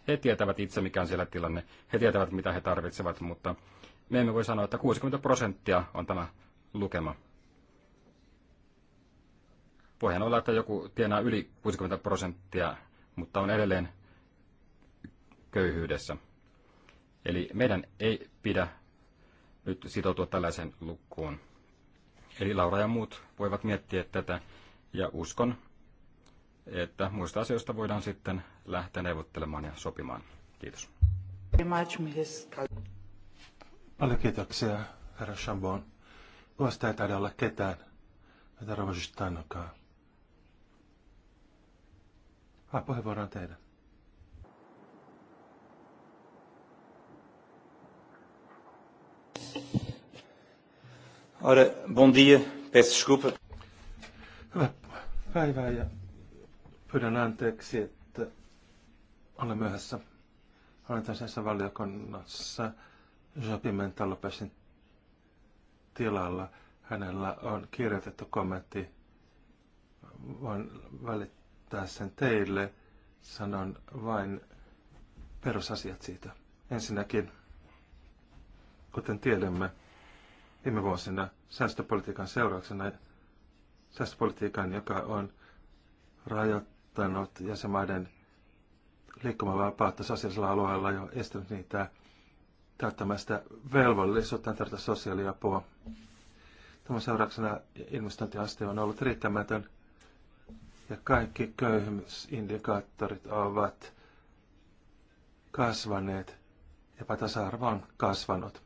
He tietävät itse, mikä on siellä tilanne. He tietävät, mitä he tarvitsevat, mutta me emme voi sanoa, että 60 prosenttia on tämä lukema. Voihan olla, että joku tienaa yli 60 prosenttia, mutta on edelleen köyhyydessä. Eli meidän ei pidä nyt sitoutua tällaisen lukkuun. Eli Laura ja muut voivat miettiä tätä ja uskon, että muista asioista voidaan sitten lähteä neuvottelemaan ja sopimaan. Kiitos. Paljon kiitoksia, herra Chambon. Tuosta ei taida olla ketään, mitä ravasista tannokaa. Ah, puheenvuoro on teidän. Ora, bom dia. Peço desculpa. Hyvää Vai pyydän anteeksi, että olen myöhässä. Olen tässä valiokunnassa Jopimental Lopesin tilalla. Hänellä on kirjoitettu kommentti. Voin välittää sen teille. Sanon vain perusasiat siitä. Ensinnäkin, kuten tiedämme, viime vuosina säästöpolitiikan seurauksena, säästöpolitiikan, joka on rajoittanut jäsenmaiden liikkumavapautta sosiaalisella alueella ja estänyt niitä täyttämästä velvollisuutta tarjota sosiaaliapua. Tämän seurauksena investointiaste on ollut riittämätön ja kaikki köyhyysindikaattorit ovat kasvaneet, tasa arvo on kasvanut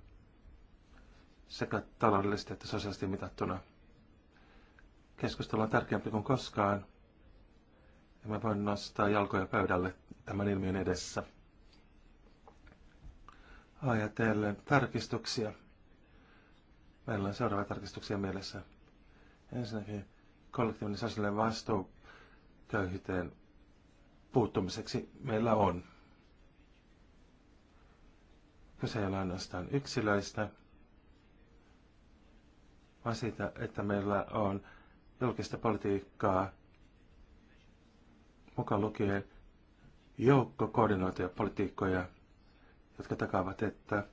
sekä taloudellisesti että sosiaalisesti mitattuna. Keskustelu on tärkeämpi kuin koskaan. Ja mä voin nostaa jalkoja pöydälle tämän ilmiön edessä. Ajatellen tarkistuksia. Meillä on seuraavia tarkistuksia mielessä. Ensinnäkin kollektiivinen sosiaalinen vastuu köyhyyteen puuttumiseksi meillä on. Kyse ei ole ainoastaan yksilöistä, vaan siitä, että meillä on julkista politiikkaa mukaan lukien joukko koordinoituja politiikkoja, jotka takaavat, että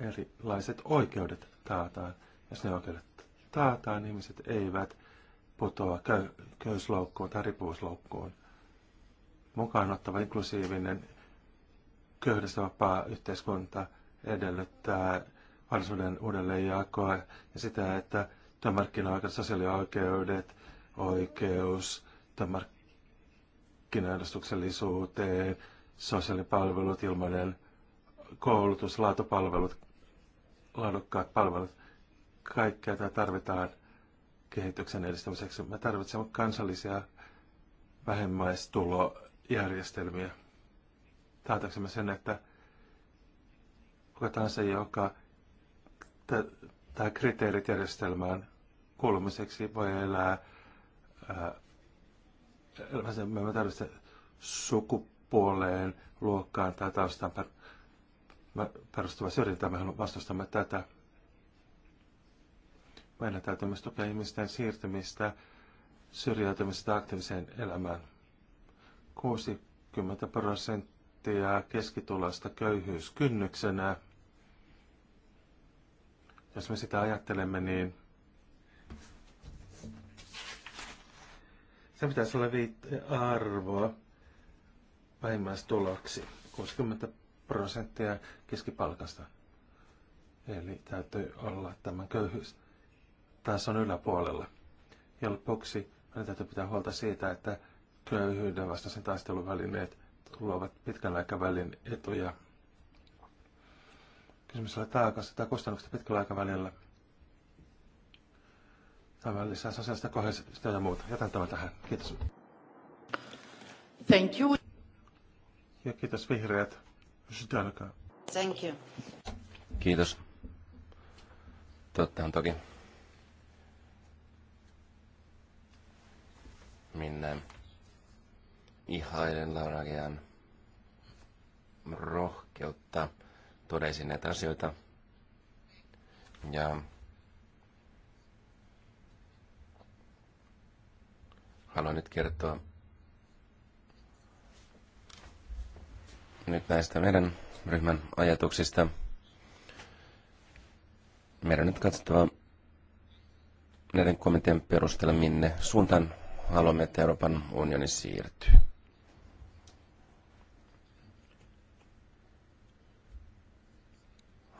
erilaiset oikeudet taataan. Jos ne oikeudet taataan, niin ihmiset eivät putoa köy- köysloukkuun tai riippuvuusloukkuun. Mukaan ottava inklusiivinen köyhdestä vapaa yhteiskunta edellyttää varallisuuden uudelleenjakoa ja sitä, että työmarkkina-aikaiset sosiaalioikeudet, oikeus työmarkkinaedustuksellisuuteen, sosiaalipalvelut, ilmainen koulutus, laatupalvelut, laadukkaat palvelut, kaikkea tätä tarvitaan kehityksen edistämiseksi. Me tarvitsemme kansallisia vähemmäistulojärjestelmiä. Taataksemme sen, että kuka tahansa, joka tämä kriteerit järjestelmään kuulumiseksi voi elää ää, elämänsä, me sukupuoleen, luokkaan tai taustaan per, perustuvaa syrjintää. Me vastustamme tätä. Meidän täytyy myös tukea ihmisten siirtymistä syrjäytymisestä aktiiviseen elämään. 60 prosenttia keskitulosta köyhyyskynnyksenä. Jos me sitä ajattelemme, niin se pitäisi olla arvoa vähimmäistuloksi 60 prosenttia keskipalkasta. Eli täytyy olla tämän köyhyys tässä on yläpuolella. Ja lopuksi meidän täytyy pitää huolta siitä, että köyhyyden vastaisen taisteluvälineet luovat pitkän aikavälin etuja Kysymys on taakasta tai kustannuksista pitkällä aikavälillä. Tämä lisää sosiaalista kohdista ja muuta. Jätän tämän tähän. Kiitos. Thank you. Ja kiitos vihreät. Sitä Thank you. Kiitos. Tottahan toki. Minne ihailen Lauragian rohkeutta tuoda esiin näitä asioita. Ja haluan nyt kertoa nyt näistä meidän ryhmän ajatuksista. Meidän nyt katsottava näiden kommenttien perusteella, minne suuntaan haluamme, että Euroopan unioni siirtyy.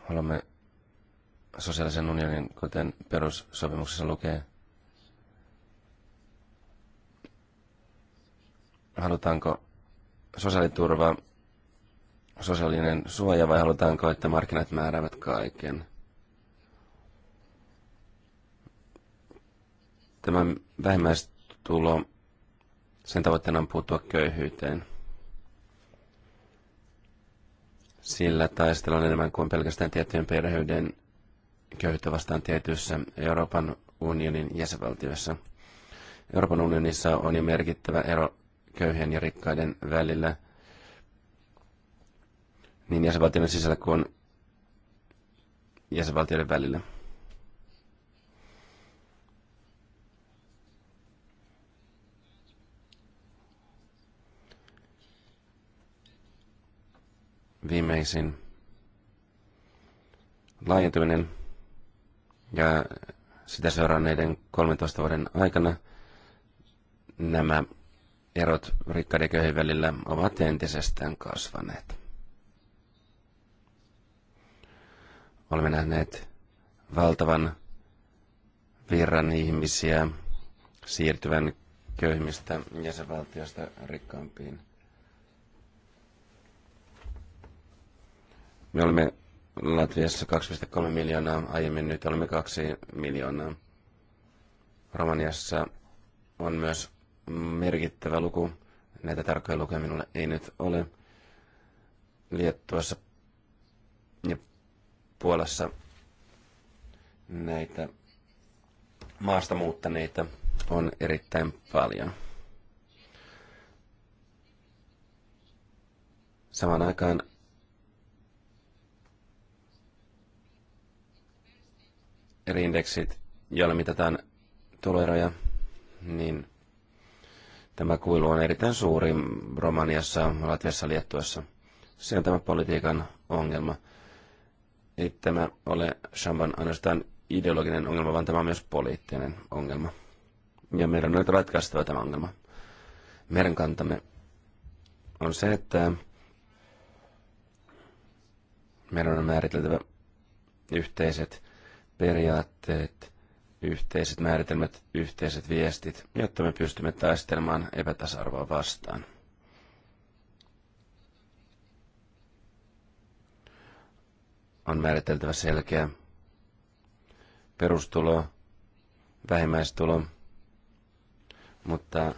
Haluamme sosiaalisen unionin, kuten perussopimuksessa lukee. Halutaanko sosiaaliturva, sosiaalinen suoja vai halutaanko, että markkinat määräävät kaiken? Tämä vähimmäistulo, sen tavoitteena on puuttua köyhyyteen. sillä on enemmän kuin pelkästään tiettyjen perheiden köyhyyttä vastaan tietyissä Euroopan unionin jäsenvaltioissa. Euroopan unionissa on jo merkittävä ero köyhien ja rikkaiden välillä niin jäsenvaltioiden sisällä kuin jäsenvaltioiden välillä. viimeisin laajentuminen ja sitä seuranneiden 13 vuoden aikana nämä erot rikkaiden köyhien välillä ovat entisestään kasvaneet. Olemme nähneet valtavan virran ihmisiä siirtyvän köyhimmistä jäsenvaltioista rikkaampiin – Me olemme Latviassa 2,3 miljoonaa, aiemmin nyt olemme 2 miljoonaa. Romaniassa on myös merkittävä luku. Näitä tarkkoja lukuja minulle ei nyt ole. Liettuassa ja Puolassa näitä maasta muuttaneita on erittäin paljon. Samaan aikaan eri indeksit, joilla mitataan tuloeroja, niin tämä kuilu on erittäin suuri Romaniassa, Latviassa, Liettuassa. Se on tämä politiikan ongelma. Ei tämä ole Shamban ainoastaan ideologinen ongelma, vaan tämä on myös poliittinen ongelma. Ja meidän on nyt ratkaistava tämä ongelma. Meidän kantamme on se, että meidän on määriteltävä yhteiset periaatteet, yhteiset määritelmät, yhteiset viestit, jotta me pystymme taistelemaan epätasa-arvoa vastaan. On määriteltävä selkeä perustulo, vähimmäistulo, mutta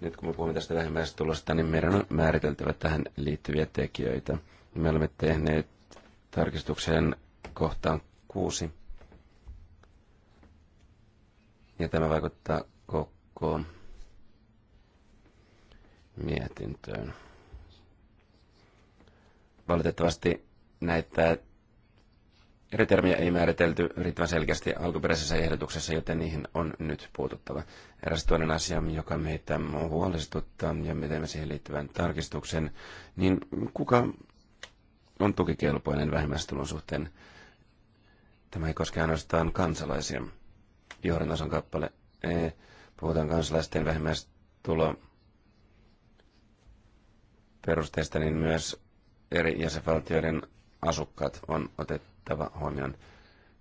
nyt kun me puhumme tästä vähimmäistulosta, niin meidän on määriteltävä tähän liittyviä tekijöitä. Me olemme tehneet tarkistuksen kohtaan 6. Ja tämä vaikuttaa koko mietintöön. Valitettavasti näitä eri termiä ei määritelty riittävän selkeästi alkuperäisessä ehdotuksessa, joten niihin on nyt puututtava. Eräs toinen asia, joka meitä huolestuttaa ja me teemme siihen liittyvän tarkistuksen, niin kuka on tukikelpoinen vähimmäistulon suhteen? Tämä ei koske ainoastaan kansalaisia. Johdantason kappale E. Puhutaan kansalaisten vähimmäistulo perusteista, niin myös eri jäsenvaltioiden asukkaat on otettava huomioon.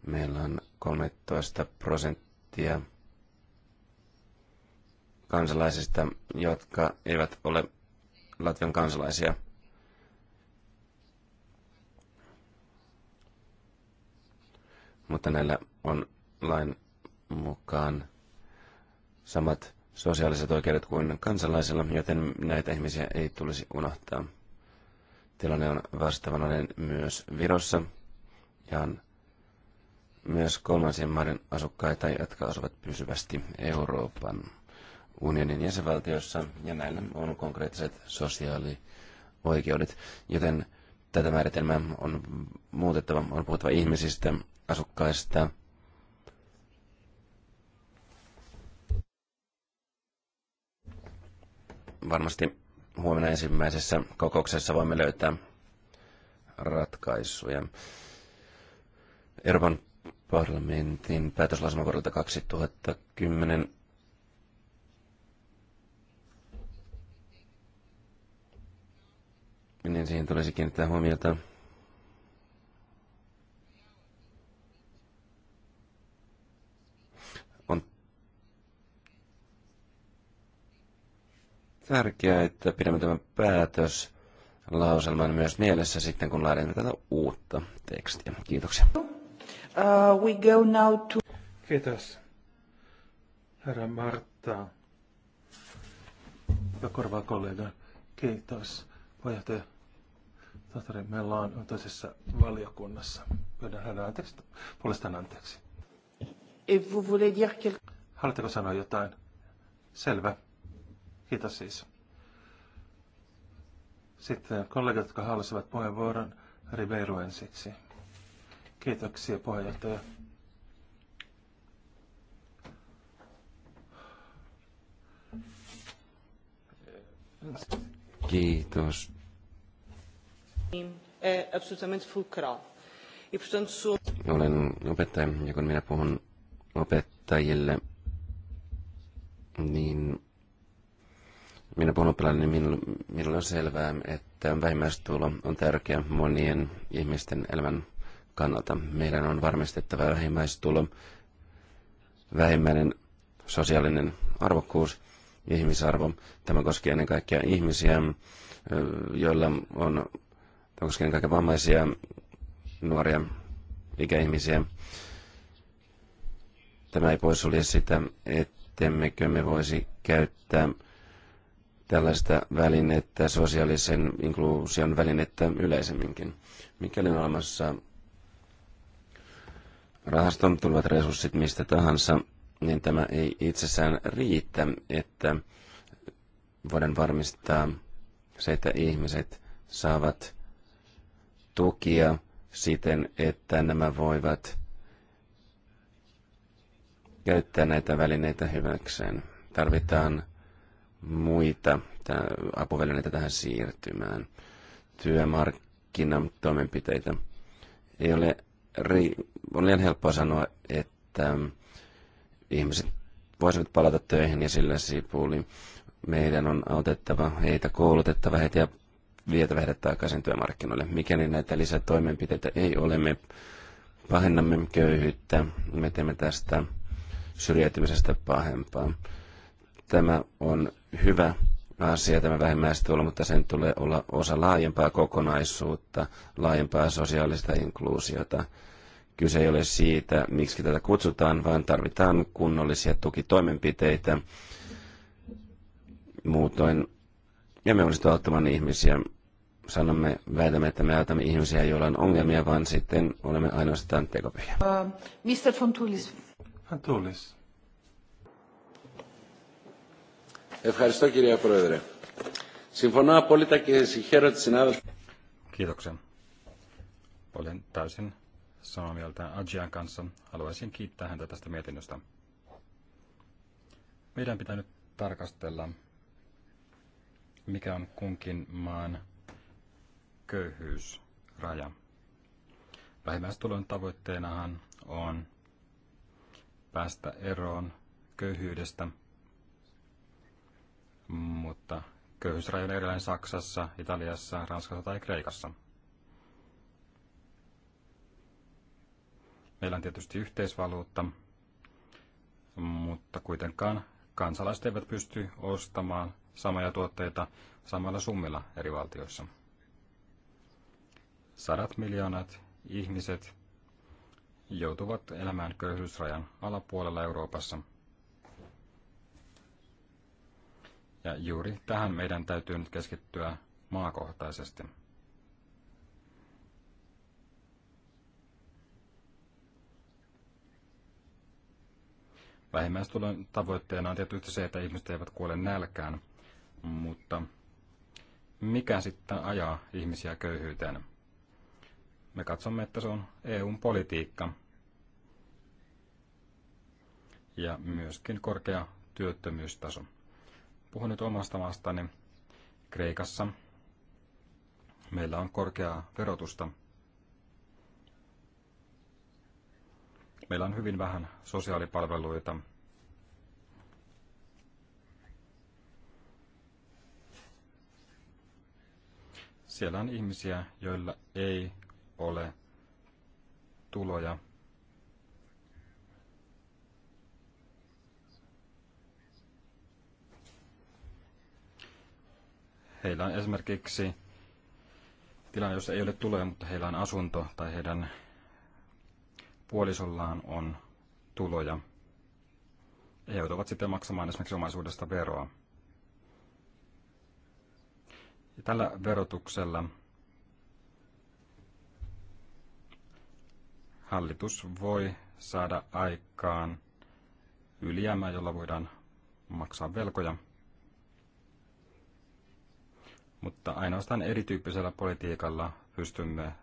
Meillä on 13 prosenttia kansalaisista, jotka eivät ole Latvian kansalaisia – mutta näillä on lain mukaan samat sosiaaliset oikeudet kuin kansalaisilla, joten näitä ihmisiä ei tulisi unohtaa. Tilanne on vastaavanlainen myös Virossa ja on myös kolmansien maiden asukkaita, jotka asuvat pysyvästi Euroopan unionin jäsenvaltiossa, ja näillä on konkreettiset sosiaalioikeudet, joten tätä määritelmää on muutettava, on puhuttava ihmisistä, asukkaista. Varmasti huomenna ensimmäisessä kokouksessa voimme löytää ratkaisuja. Euroopan parlamentin päätöslausuma vuodelta 2010 niin siihen tulisi kiinnittää huomiota. tärkeää, että pidämme tämän päätös lauselman myös mielessä sitten, kun laadimme tätä uutta tekstiä. Kiitoksia. Uh, we go now to... Kiitos, herra Martta, ja korvaa kollega. Kiitos, puheenjohtaja. Tohtori Mellaan on toisessa valiokunnassa. Pyydän hänen anteeksi, puolestaan anteeksi. Et vous voulez dire quel... Haluatteko sanoa jotain? Selvä. Kiitos siis. Sitten kollegat, jotka halusivat puheenvuoron, Ribeiro ensiksi. Kiitoksia puheenjohtaja. Kiitos. Eh, Olen opettaja ja kun minä puhun opettajille, niin minä puhun oppilaille, niin minulle on selvää, että vähimmäistulo on tärkeä monien ihmisten elämän kannalta. Meidän on varmistettava vähimmäistulo, vähimmäinen sosiaalinen arvokkuus, ihmisarvo. Tämä koskee ennen kaikkea ihmisiä, joilla on, tämä koskee ennen kaikkea vammaisia, nuoria, ikäihmisiä. Tämä ei poissulje sitä, ettemmekö me voisi käyttää tällaista välinettä, sosiaalisen inkluusion välinettä yleisemminkin. Mikäli on olemassa rahaston tulevat resurssit mistä tahansa, niin tämä ei itsessään riitä, että voidaan varmistaa se, että ihmiset saavat tukia siten, että nämä voivat käyttää näitä välineitä hyväkseen. Tarvitaan muita apuvälineitä tähän siirtymään, työmarkkinatoimenpiteitä. Ei ole, on liian helppoa sanoa, että mm, ihmiset voisivat palata töihin ja sillä sipuli. Meidän on autettava heitä, koulutettava heitä ja vietävä heidät takaisin työmarkkinoille. Mikäli näitä lisätoimenpiteitä ei ole, me pahennamme köyhyyttä, me teemme tästä syrjäytymisestä pahempaa. Tämä on hyvä asia, tämä vähimmäistulo, mutta sen tulee olla osa laajempaa kokonaisuutta, laajempaa sosiaalista inkluusiota. Kyse ei ole siitä, miksi tätä kutsutaan, vaan tarvitaan kunnollisia tukitoimenpiteitä. Muutoin emme onnistu auttamaan ihmisiä. Sanomme, väitämme, että me autamme ihmisiä, joilla on ongelmia, vaan sitten olemme ainoastaan tekopyhiä. Uh, äh, Mr. von Tullis. Von Tullis. Ευχαριστώ κυρία Πρόεδρε. Συμφωνώ απόλυτα και συγχαίρω τη συνάδελφη. Kiitoksia. Olen täysin samaa mieltä Adjian kanssa. Haluaisin kiittää häntä tästä mietinnöstä. Meidän pitää nyt tarkastella, mikä on kunkin maan köyhyysraja. Vähimmäistulon tavoitteenahan on päästä eroon köyhyydestä – mutta köyhyysraja on edelleen Saksassa, Italiassa, Ranskassa tai Kreikassa. Meillä on tietysti yhteisvaluutta, mutta kuitenkaan kansalaiset eivät pysty ostamaan samoja tuotteita samalla summilla eri valtioissa. Sadat miljoonat ihmiset joutuvat elämään köyhyysrajan alapuolella Euroopassa – Ja juuri tähän meidän täytyy nyt keskittyä maakohtaisesti. Vähimmäistulon tavoitteena on tietysti se, että ihmiset eivät kuole nälkään, mutta mikä sitten ajaa ihmisiä köyhyyteen? Me katsomme, että se on EUn politiikka ja myöskin korkea työttömyystaso. Puhun nyt omasta maastani Kreikassa. Meillä on korkeaa verotusta. Meillä on hyvin vähän sosiaalipalveluita. Siellä on ihmisiä, joilla ei Heillä on esimerkiksi tilanne, jossa ei ole tuloja, mutta heillä on asunto tai heidän puolisollaan on tuloja. He joutuvat sitten maksamaan esimerkiksi omaisuudesta veroa. Ja tällä verotuksella hallitus voi saada aikaan ylijäämää, jolla voidaan maksaa velkoja mutta ainoastaan erityyppisellä politiikalla pystymme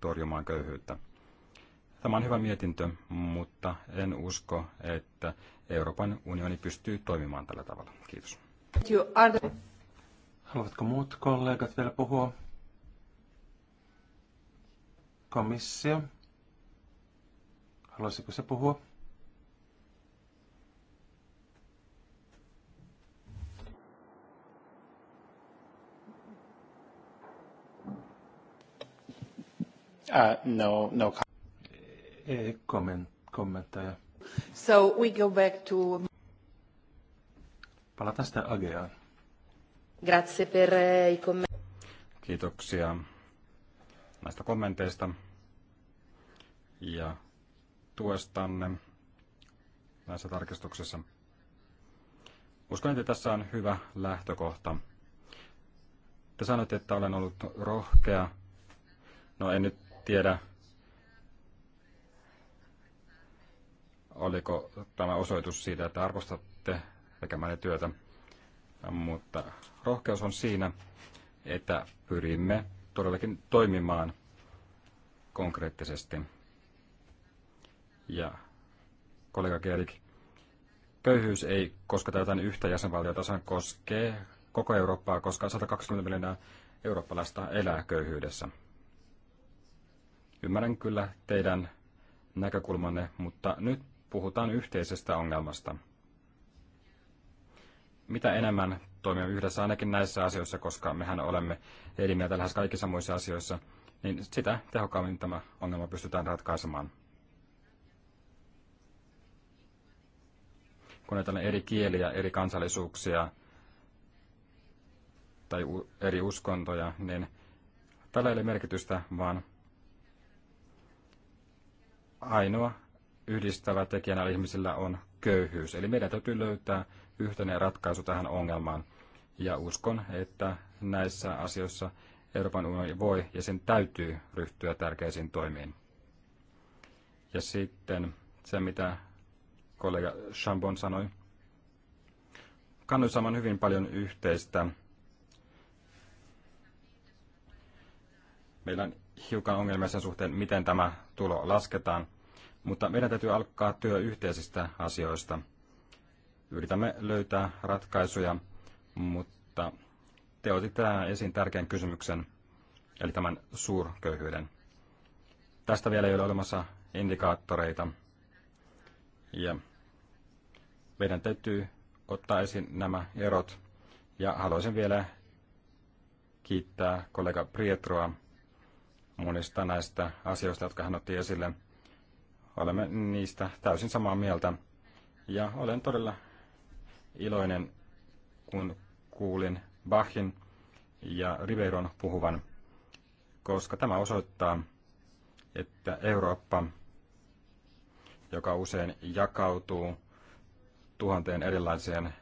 torjumaan köyhyyttä. Tämä on hyvä mietintö, mutta en usko, että Euroopan unioni pystyy toimimaan tällä tavalla. Kiitos. Haluatko muut kollegat vielä puhua? Komissio. Haluaisiko se puhua? Uh, no, no. Ei kommentteja. So we go back to... Palataan sitten Ageaan. Grazie per eh, i commenti. Kiitoksia näistä kommenteista ja tuestanne näissä tarkistuksissa. Uskon, että tässä on hyvä lähtökohta. Te sanoitte, että olen ollut rohkea. No en nyt tiedä, oliko tämä osoitus siitä, että arvostatte tekemäni työtä, mutta rohkeus on siinä, että pyrimme todellakin toimimaan konkreettisesti. Ja kollega Gerik, köyhyys ei koska jotain yhtä jäsenvaltiota, se koskee koko Eurooppaa, koska 120 miljoonaa eurooppalaista elää köyhyydessä. Ymmärrän kyllä teidän näkökulmanne, mutta nyt puhutaan yhteisestä ongelmasta. Mitä enemmän toimia yhdessä ainakin näissä asioissa, koska mehän olemme eri mieltä lähes kaikissa muissa asioissa, niin sitä tehokkaammin tämä ongelma pystytään ratkaisemaan. Kun näitä eri kieliä, eri kansallisuuksia tai eri uskontoja, niin tällä ei ole merkitystä, vaan ainoa yhdistävä tekijä näillä ihmisillä on köyhyys. Eli meidän täytyy löytää yhteinen ratkaisu tähän ongelmaan. Ja uskon, että näissä asioissa Euroopan unioni voi ja sen täytyy ryhtyä tärkeisiin toimiin. Ja sitten se, mitä kollega Chambon sanoi. Kannoissa on hyvin paljon yhteistä. Meillä on hiukan ongelmia sen suhteen, miten tämä tulo lasketaan, mutta meidän täytyy alkaa työ yhteisistä asioista. Yritämme löytää ratkaisuja, mutta te otitte tänään esiin tärkeän kysymyksen, eli tämän suurköyhyyden. Tästä vielä ei ole olemassa indikaattoreita. Ja meidän täytyy ottaa esiin nämä erot. Ja haluaisin vielä kiittää kollega Prietroa monista näistä asioista, jotka hän otti esille. Olemme niistä täysin samaa mieltä. Ja olen todella iloinen, kun kuulin Bachin ja Riveiron puhuvan, koska tämä osoittaa, että Eurooppa, joka usein jakautuu tuhanteen erilaiseen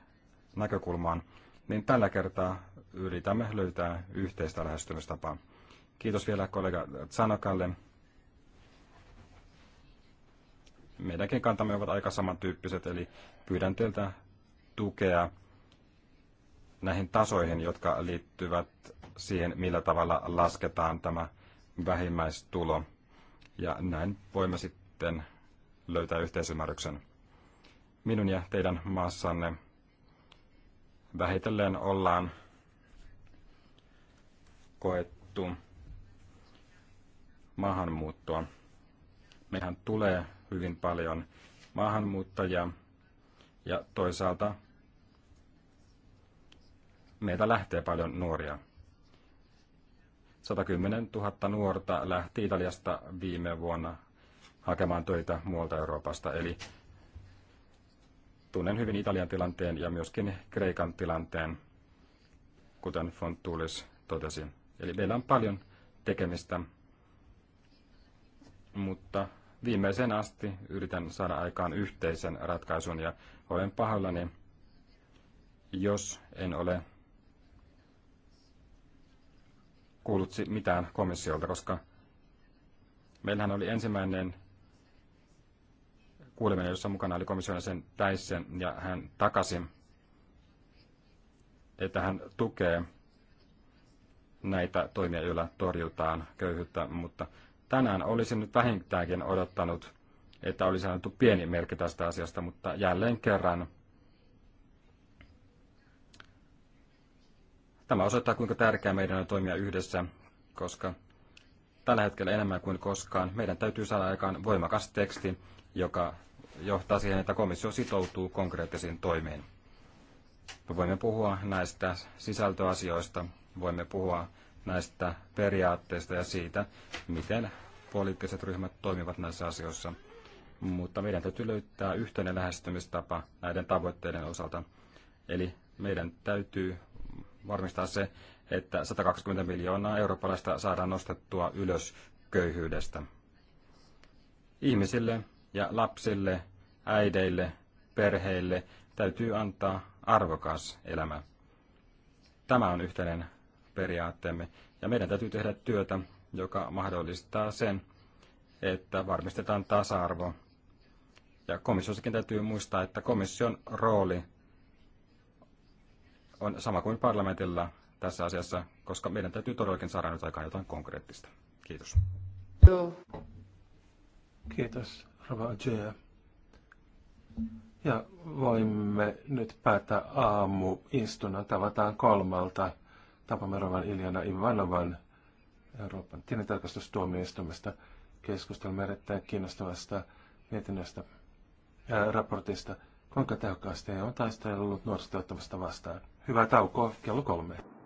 näkökulmaan, niin tällä kertaa yritämme löytää yhteistä lähestymistapaa. Kiitos vielä kollega Tsanokalle. Meidänkin kantamme ovat aika samantyyppiset, eli pyydän teiltä tukea näihin tasoihin, jotka liittyvät siihen, millä tavalla lasketaan tämä vähimmäistulo. Ja näin voimme sitten löytää yhteisymmärryksen. Minun ja teidän maassanne vähitellen ollaan koettu maahanmuuttoa. Mehän tulee hyvin paljon maahanmuuttajia ja toisaalta meitä lähtee paljon nuoria. 110 000 nuorta lähti Italiasta viime vuonna hakemaan töitä muualta Euroopasta, eli tunnen hyvin Italian tilanteen ja myöskin Kreikan tilanteen, kuten Fontulis totesi. Eli meillä on paljon tekemistä mutta viimeisen asti yritän saada aikaan yhteisen ratkaisun ja olen pahoillani, jos en ole kuullut mitään komissiolta, koska meillähän oli ensimmäinen kuuleminen, jossa mukana oli komission sen Täissen, ja hän takasi, että hän tukee näitä toimia, joilla torjutaan köyhyyttä, mutta Tänään olisin nyt vähintäänkin odottanut, että olisi annettu pieni merkki tästä asiasta, mutta jälleen kerran tämä osoittaa, kuinka tärkeää meidän on toimia yhdessä, koska tällä hetkellä enemmän kuin koskaan meidän täytyy saada aikaan voimakas teksti, joka johtaa siihen, että komissio sitoutuu konkreettisiin toimiin. Me voimme puhua näistä sisältöasioista, voimme puhua näistä periaatteista ja siitä, miten poliittiset ryhmät toimivat näissä asioissa. Mutta meidän täytyy löytää yhteinen lähestymistapa näiden tavoitteiden osalta. Eli meidän täytyy varmistaa se, että 120 miljoonaa eurooppalaista saadaan nostettua ylös köyhyydestä. Ihmisille ja lapsille, äideille, perheille täytyy antaa arvokas elämä. Tämä on yhteinen periaatteemme. Ja meidän täytyy tehdä työtä, joka mahdollistaa sen, että varmistetaan tasa-arvo. Ja komissiossakin täytyy muistaa, että komission rooli on sama kuin parlamentilla tässä asiassa, koska meidän täytyy todellakin saada nyt aikaan jotain konkreettista. Kiitos. Joo. Kiitos, Rova Ajea. Ja voimme nyt päättää aamuistunnon. Tavataan kolmalta. Tapamerovan Iljana Ivanovan Euroopan tilintarkastustuomioistuimesta. Keskustelemme erittäin kiinnostavasta mietinnöstä ää, raportista, kuinka tehokkaasti on taistellut nuorisotyöttömästä vastaan. Hyvää taukoa kello kolme.